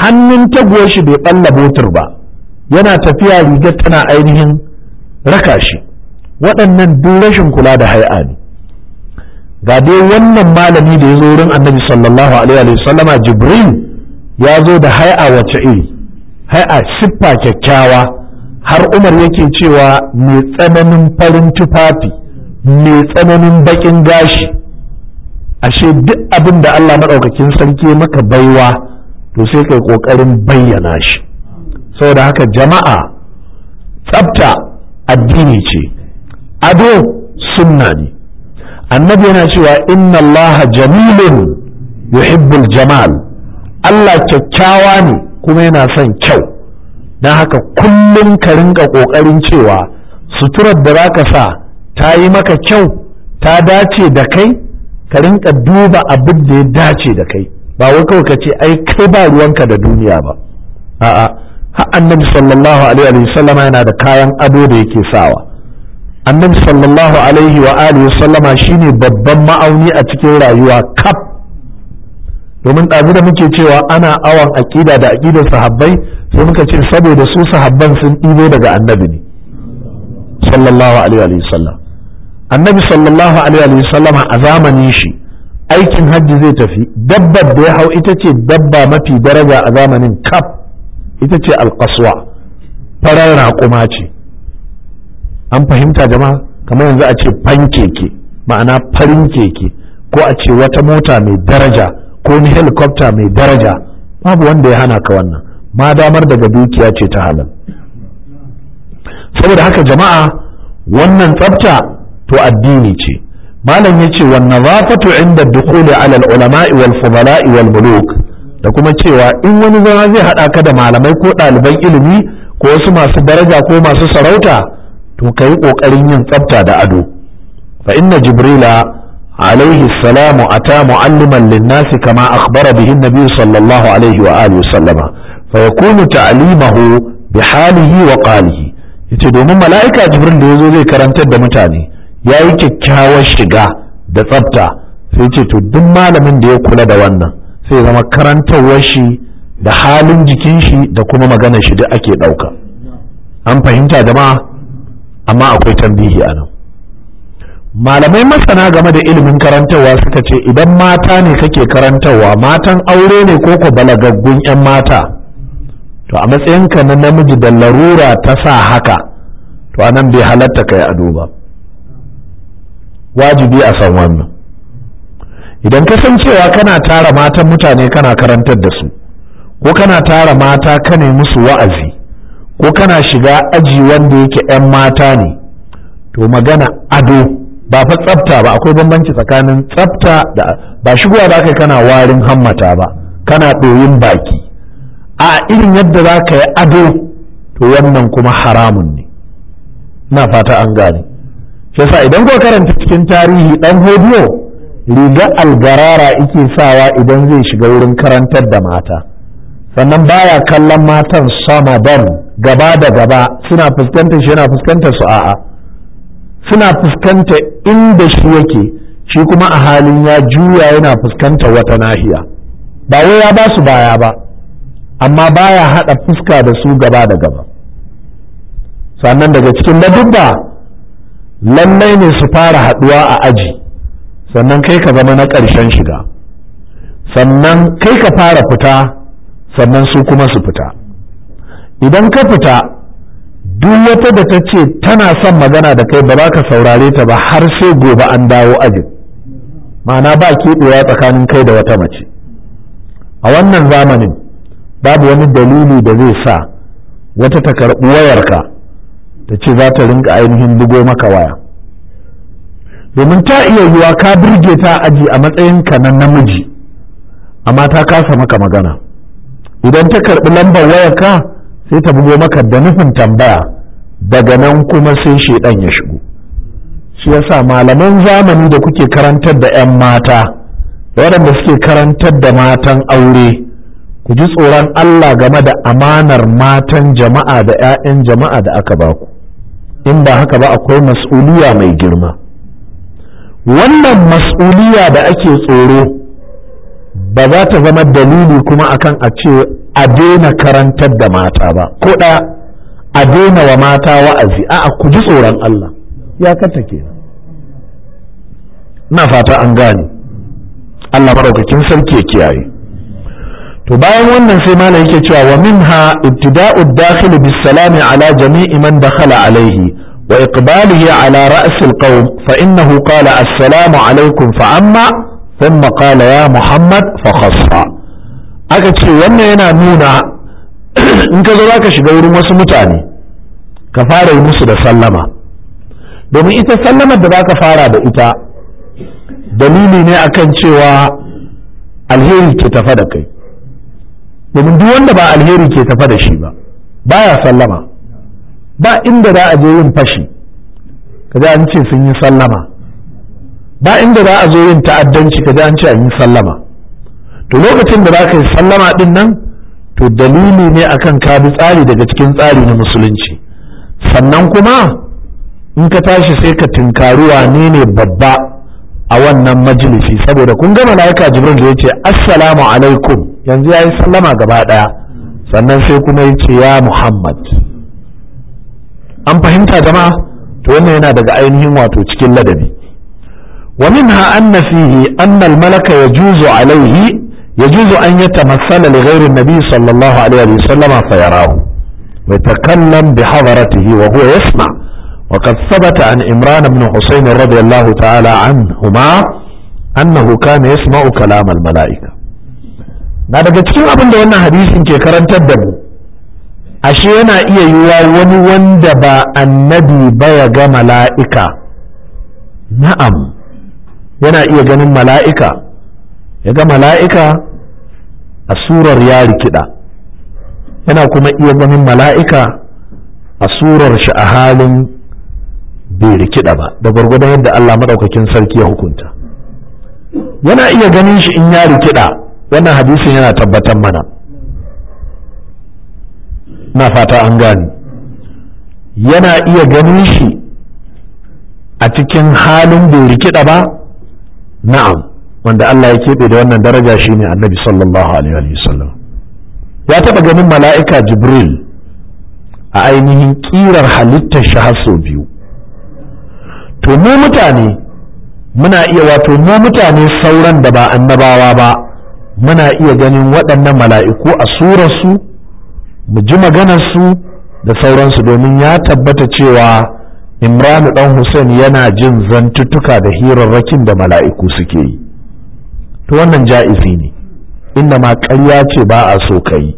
hannun taguwar shi bai balla botur ba yana tafiya rigar tana ainihin raka shi waɗannan duk rashin kula da hai'a ne ga dai wannan malami da ya zo wurin annabi sallallahu alaihi sallama jibril ya zo da hai'a wace iri hai'a siffa kyakkyawa har umar yake cewa mai tsananin farin tufafi mai tsananin baƙin gashi ashe duk abin da Allah maɗaukakin sarki maka baiwa to sai kai ƙoƙarin bayyana shi saboda haka jama'a tsabta addini ce ado sunna ne annabi yana cewa inna Allah jamilun yuhibbul jamal Allah kyakkyawa ne kuma yana son kyau don haka kullum ka rinka ƙoƙarin cewa suturar da za ka sa ta yi maka kyau ta dace da kai ka rinka duba abin da ya dace da kai ba wai kawai ka ce ai kai ba ruwanka da duniya ba a'a har annabi sallallahu alaihi wa sallama yana da kayan ado da yake sawa annabi sallallahu alaihi wa alihi sallama shine babban ma'auni a cikin rayuwa kaf domin ɗazu da muke cewa ana awon aƙida da aƙidar sahabbai sai muka ce saboda su sahabban sun ɗibo daga annabi ne sallallahu alaihi wa sallam annabi sallallahu alaihi wa sallama a zamanin shi aikin hajji zai tafi dabbar da ya hau ita ce dabba mafi daraja a zamanin kaf ita ce alkaswa farar raƙuma ce an fahimta jama'a kamar yanzu a ce fan keke ma'ana farin keke ko a ce wata mota mai daraja ko ni helikopta mai daraja babu wanda ya hana ka wannan ma damar daga dukiya ce ta halal saboda haka jama'a wannan tsafta to addini ce malam ya ce wannan zafatu inda dukuli alal ulama'i wal fudala'i wal muluk da kuma cewa in wani zama zai haɗa ka da malamai ko ɗaliban ilimi ko wasu masu daraja ko masu sarauta to ka yi ƙoƙarin yin tsafta da ado fa inna jibrila alaihi salamu ata mu'alliman linnasi kama akhbara bihi nabi sallallahu alaihi wa alihi sallama fa yakunu ta'limahu bi halihi wa qalihi yace domin mala'ika jibril da yazo zai karantar da mutane ya yi kyakkyawar shiga da tsafta sai ce to duk malamin da ya kula da wannan sai zama karantarwar shi da halin jikin shi da kuma magana shi duk ake ɗauka an fahimta jama'a amma akwai tambihi a nan malamai masana game da ilimin karantarwa suka ce idan mata ne kake karantarwa matan aure ne ko ko balagaggun 'yan mata to a matsayinka na namiji da larura ta sa haka to anan bai halatta kai ado ba wajibi a san wannan idan ka san cewa kana tara matan mutane kana karantar da su ko kana tara mata ka ne musu wa'azi ko kana shiga aji wanda yake 'yan mata ne to magana ado ba fa tsafta ba akwai bambanci tsakanin tsafta da ba shigowa ba kai kana warin hammata ba kana ɗoyin baki a irin yadda za ka yi ado to wannan kuma haramun ne na fata an gane yasa idan ko karanta cikin tarihi ɗan hodiyo riga algarara ike sawa idan zai shiga wurin karantar da mata sannan baya kallon matan sama dan gaba da gaba suna fuskantar shi yana fuskantar su a'a suna fuskanta inda shi yake shi kuma a halin ya juya yana fuskantar wata nahiya ba wai ya ba su baya ba amma baya haɗa fuska da su gaba da gaba sannan daga cikin ladubba lallai ne su fara haɗuwa a aji sannan kai ka zama na ƙarshen shiga sannan kai ka fara fita sannan su kuma su fita idan ka fita duk wata da ta ce tana son magana da kai ba za ka saurare ta ba har sai gobe an dawo ajin ma'ana ba keɓewa tsakanin kai da wata mace a wannan zamanin babu wani dalili da zai sa wata ta karɓi wayarka ta ce za ta rinka ainihin bugo maka waya domin ta iya yiwa ka birge ta aji a matsayin ka na namiji amma ta kasa maka magana idan ta karɓi lambar ka sai ta bugo maka da nufin tambaya daga nan kuma sai shaidan ya shigo shi yasa malaman zamani da kuke karantar da 'yan mata waɗanda suke karantar da matan aure ku ji tsoron Allah game da amanar matan jama'a da 'ya'yan jama'a da aka baku in ba haka ba akwai mas'uliya mai girma wannan mas'uliya da ake tsoro ba za ta zama dalili kuma akan a ce a daina karantar da mata ba ko da a daina wa mata wa'azi a'a ku ji tsoron Allah ya kanta ke na fata an gane Allah maraukakin sarki ya kiyaye to bayan wannan sai mala yake cewa wa minha ibtida'u dakhil bis salami ala jami'i man dakhala alayhi wa iqbalihi ala ra's al qawm fa innahu qala assalamu alaykum fa amma thumma qala ya muhammad fa khassa aka ce wannan yana nuna in ka zo zaka shiga wurin wasu mutane ka fara yi musu da sallama domin ita sallamar da zaka fara da ita dalili ne akan cewa alheri ke tafa da kai domin duk wanda ba alheri ke tafa da shi ba baya sallama ba inda za a je yin fashi kaji an ce sun yi sallama ba inda za a zo yin ta'addanci kaji an ce an yi sallama to lokacin da za ka yi sallama din nan to dalili ne akan ka bi tsari daga cikin tsari na musulunci sannan kuma in ka tashi sai ka tinkari wane ne babba a wannan majalisi saboda kun ga malaika jibril ya ce assalamu alaikum yanzu ya yi sallama gaba ɗaya sannan sai kuma ya ce ya muhammad an fahimta jama'a to wannan yana daga ainihin wato cikin ladabi wa minha anna fihi anna al malaka yajuzu alaihi yajuzu an yatamassala li ghairi nabi sallallahu alaihi wa sallama fa yarahu wa yatakallam bi hadaratihi wa huwa yasma' وقد ثبت عن عمران بن حسين رضي الله تعالى عنهما أنه كان يسمع كلام الملائكة na daga cikin abin da wannan hadisin ke karantar da mu ashe yana iya yiwa wani wanda ba annabi ba ya ga mala'ika na'am yana iya ganin mala'ika ya ga mala'ika a surar yari kiɗa. yana kuma iya ganin mala'ika a surar shi a halin bai rikida ba da gwargwadon yadda Allah madaukakin sarki ya hukunta yana iya ganin shi in ya rikida wannan hadisin yana tabbatar mana na fata an gani yana iya ganin shi a cikin halin bai rikida ba na'am wanda Allah ya keɓe da wannan daraja shine annabi sallallahu alaihi wasallam ya taɓa ganin mala'ika jibril a ainihin ƙirar halittar shi har sau biyu to mu mutane muna iya wato mu mutane sauran da ba annabawa ba muna iya ganin waɗannan mala'iku a surarsu mu ji maganarsu da sauransu domin ya tabbata cewa imranu ɗan hussein yana jin zantuttuka da hirarrakin da mala'iku suke yi to wannan ja'izi ne inda ma karya ce ba a so ka yi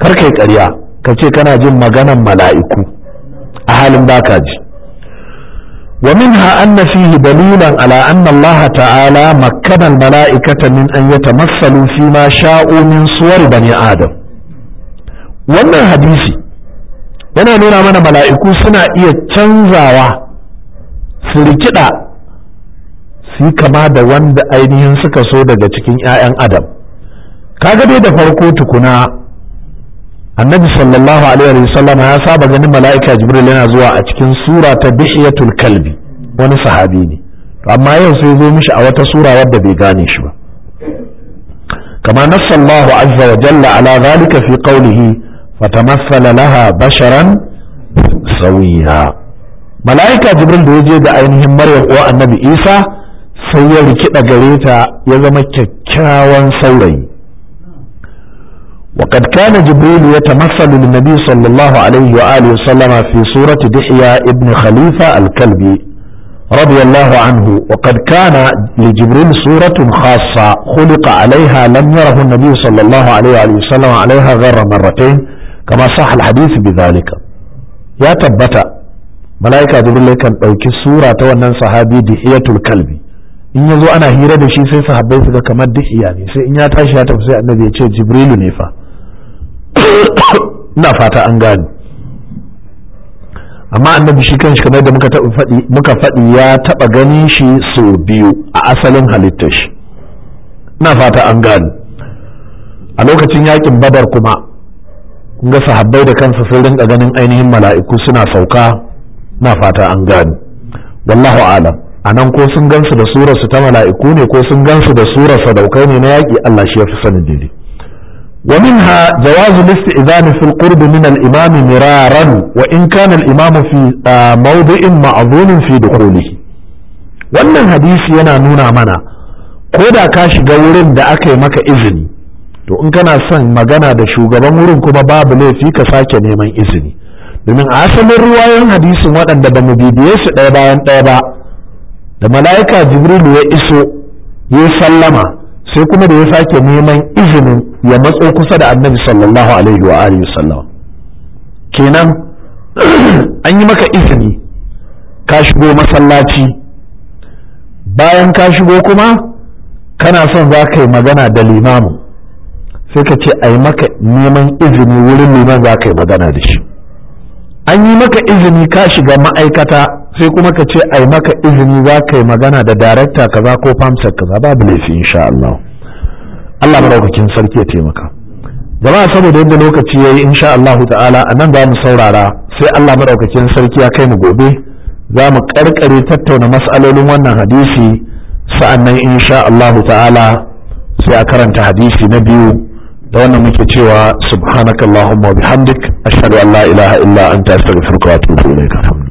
kar kai ƙarya ka ce kana jin maganan mala'iku a halin ba ka ji ومنها أن فيه دليلا على أن الله تعالى مكن الملائكة من أن يتمثلوا فيما شاءوا من صور بني آدم wannan hadisi yana nuna mana mala'iku suna iya canzawa su rikida su yi kama da wanda ainihin suka so daga cikin ‘ya'yan adam kaga dai da farko tukuna annabi sallallahu alaihi wasallam ya saba ganin mala'ika jibril yana zuwa a cikin sura ta bihiyatul kalbi wani sahabi ne amma yau sai zo mishi a wata sura wadda bai gane shi ba كما نص الله عز وجل على ذلك في قوله فتمثل لها بشرا سويا ملائكة da دوجي da ainihin Maryam uwa Annabi Isa sai ya rikida gare ta ya zama kyakkyawan saurayi وقد كان جبريل يتمثل للنبي صلى الله عليه وآله وسلم في سورة دحية ابن خليفة الكلبي رضي الله عنه وقد كان لجبريل سورة خاصة خلق عليها لم يره النبي صلى الله عليه وآله وسلم عليها غير مرتين كما صح الحديث بذلك يا تبتا ملائكة جبريل كان أوكي سورة ونن صحابي دحية الكلبي in ya zo ana hira da shi sai sahabbai suka kamar dihiya ne sai in ya tashi ya tafi sai annabi ya ce jibrilu ne fa ina fata an gane amma annabi shi shi kamar da muka faɗi ya taɓa gani shi sau biyu a asalin halittar shi ina fata an gane a lokacin yakin babar kuma ga sahabbai da kansa sun rinka ganin ainihin mala'iku suna sauka na fata an gane wallahu alam a nan ko sun gansu da surarsu ta mala'iku ne ko sun gansu da surar daukai ne na yaƙi allah shi ya fi sanin daidai ومنها جواز الاستئذان في القرب من الإمام مرارا وإن كان الإمام في موضع معظوم في دخوله wannan hadisi yana nuna mana ko da ka shiga wurin da aka yi maka izini to in kana son magana da shugaban wurin kuma babu laifi ka sake neman izini domin a asalin 'yan hadisin waɗanda ba mu bibiye su ɗaya bayan ɗaya ba da mala'ika jibrilu ya iso ya sallama sai kuma da ya sake neman izinin ya matso kusa da annabi sallallahu alaihi wa alihi sallam kenan an yi maka izini ka shigo masallaci bayan ka shigo kuma kana son za ka yi magana da limamin sai ka ce a maka neman izini wurin liman za ka yi magana da shi an yi maka izini ka shiga ma'aikata sai kuma ka ce ai maka izini za ka yi magana da darakta kaza ko famsar kaza babu laifi insha Allah Allah maraukakin sarki ya taimaka jama'a saboda yadda lokaci yayi insha Allah ta'ala anan za mu saurara sai Allah maraukakin sarki ya kai mu gobe za mu karkare tattauna mas'alolin wannan hadisi sa'annan insha Allah ta'ala sai a karanta hadisi na biyu da wannan muke cewa subhanakallahumma bihamdik ashhadu an la ilaha illa anta astaghfiruka wa atubu ilayk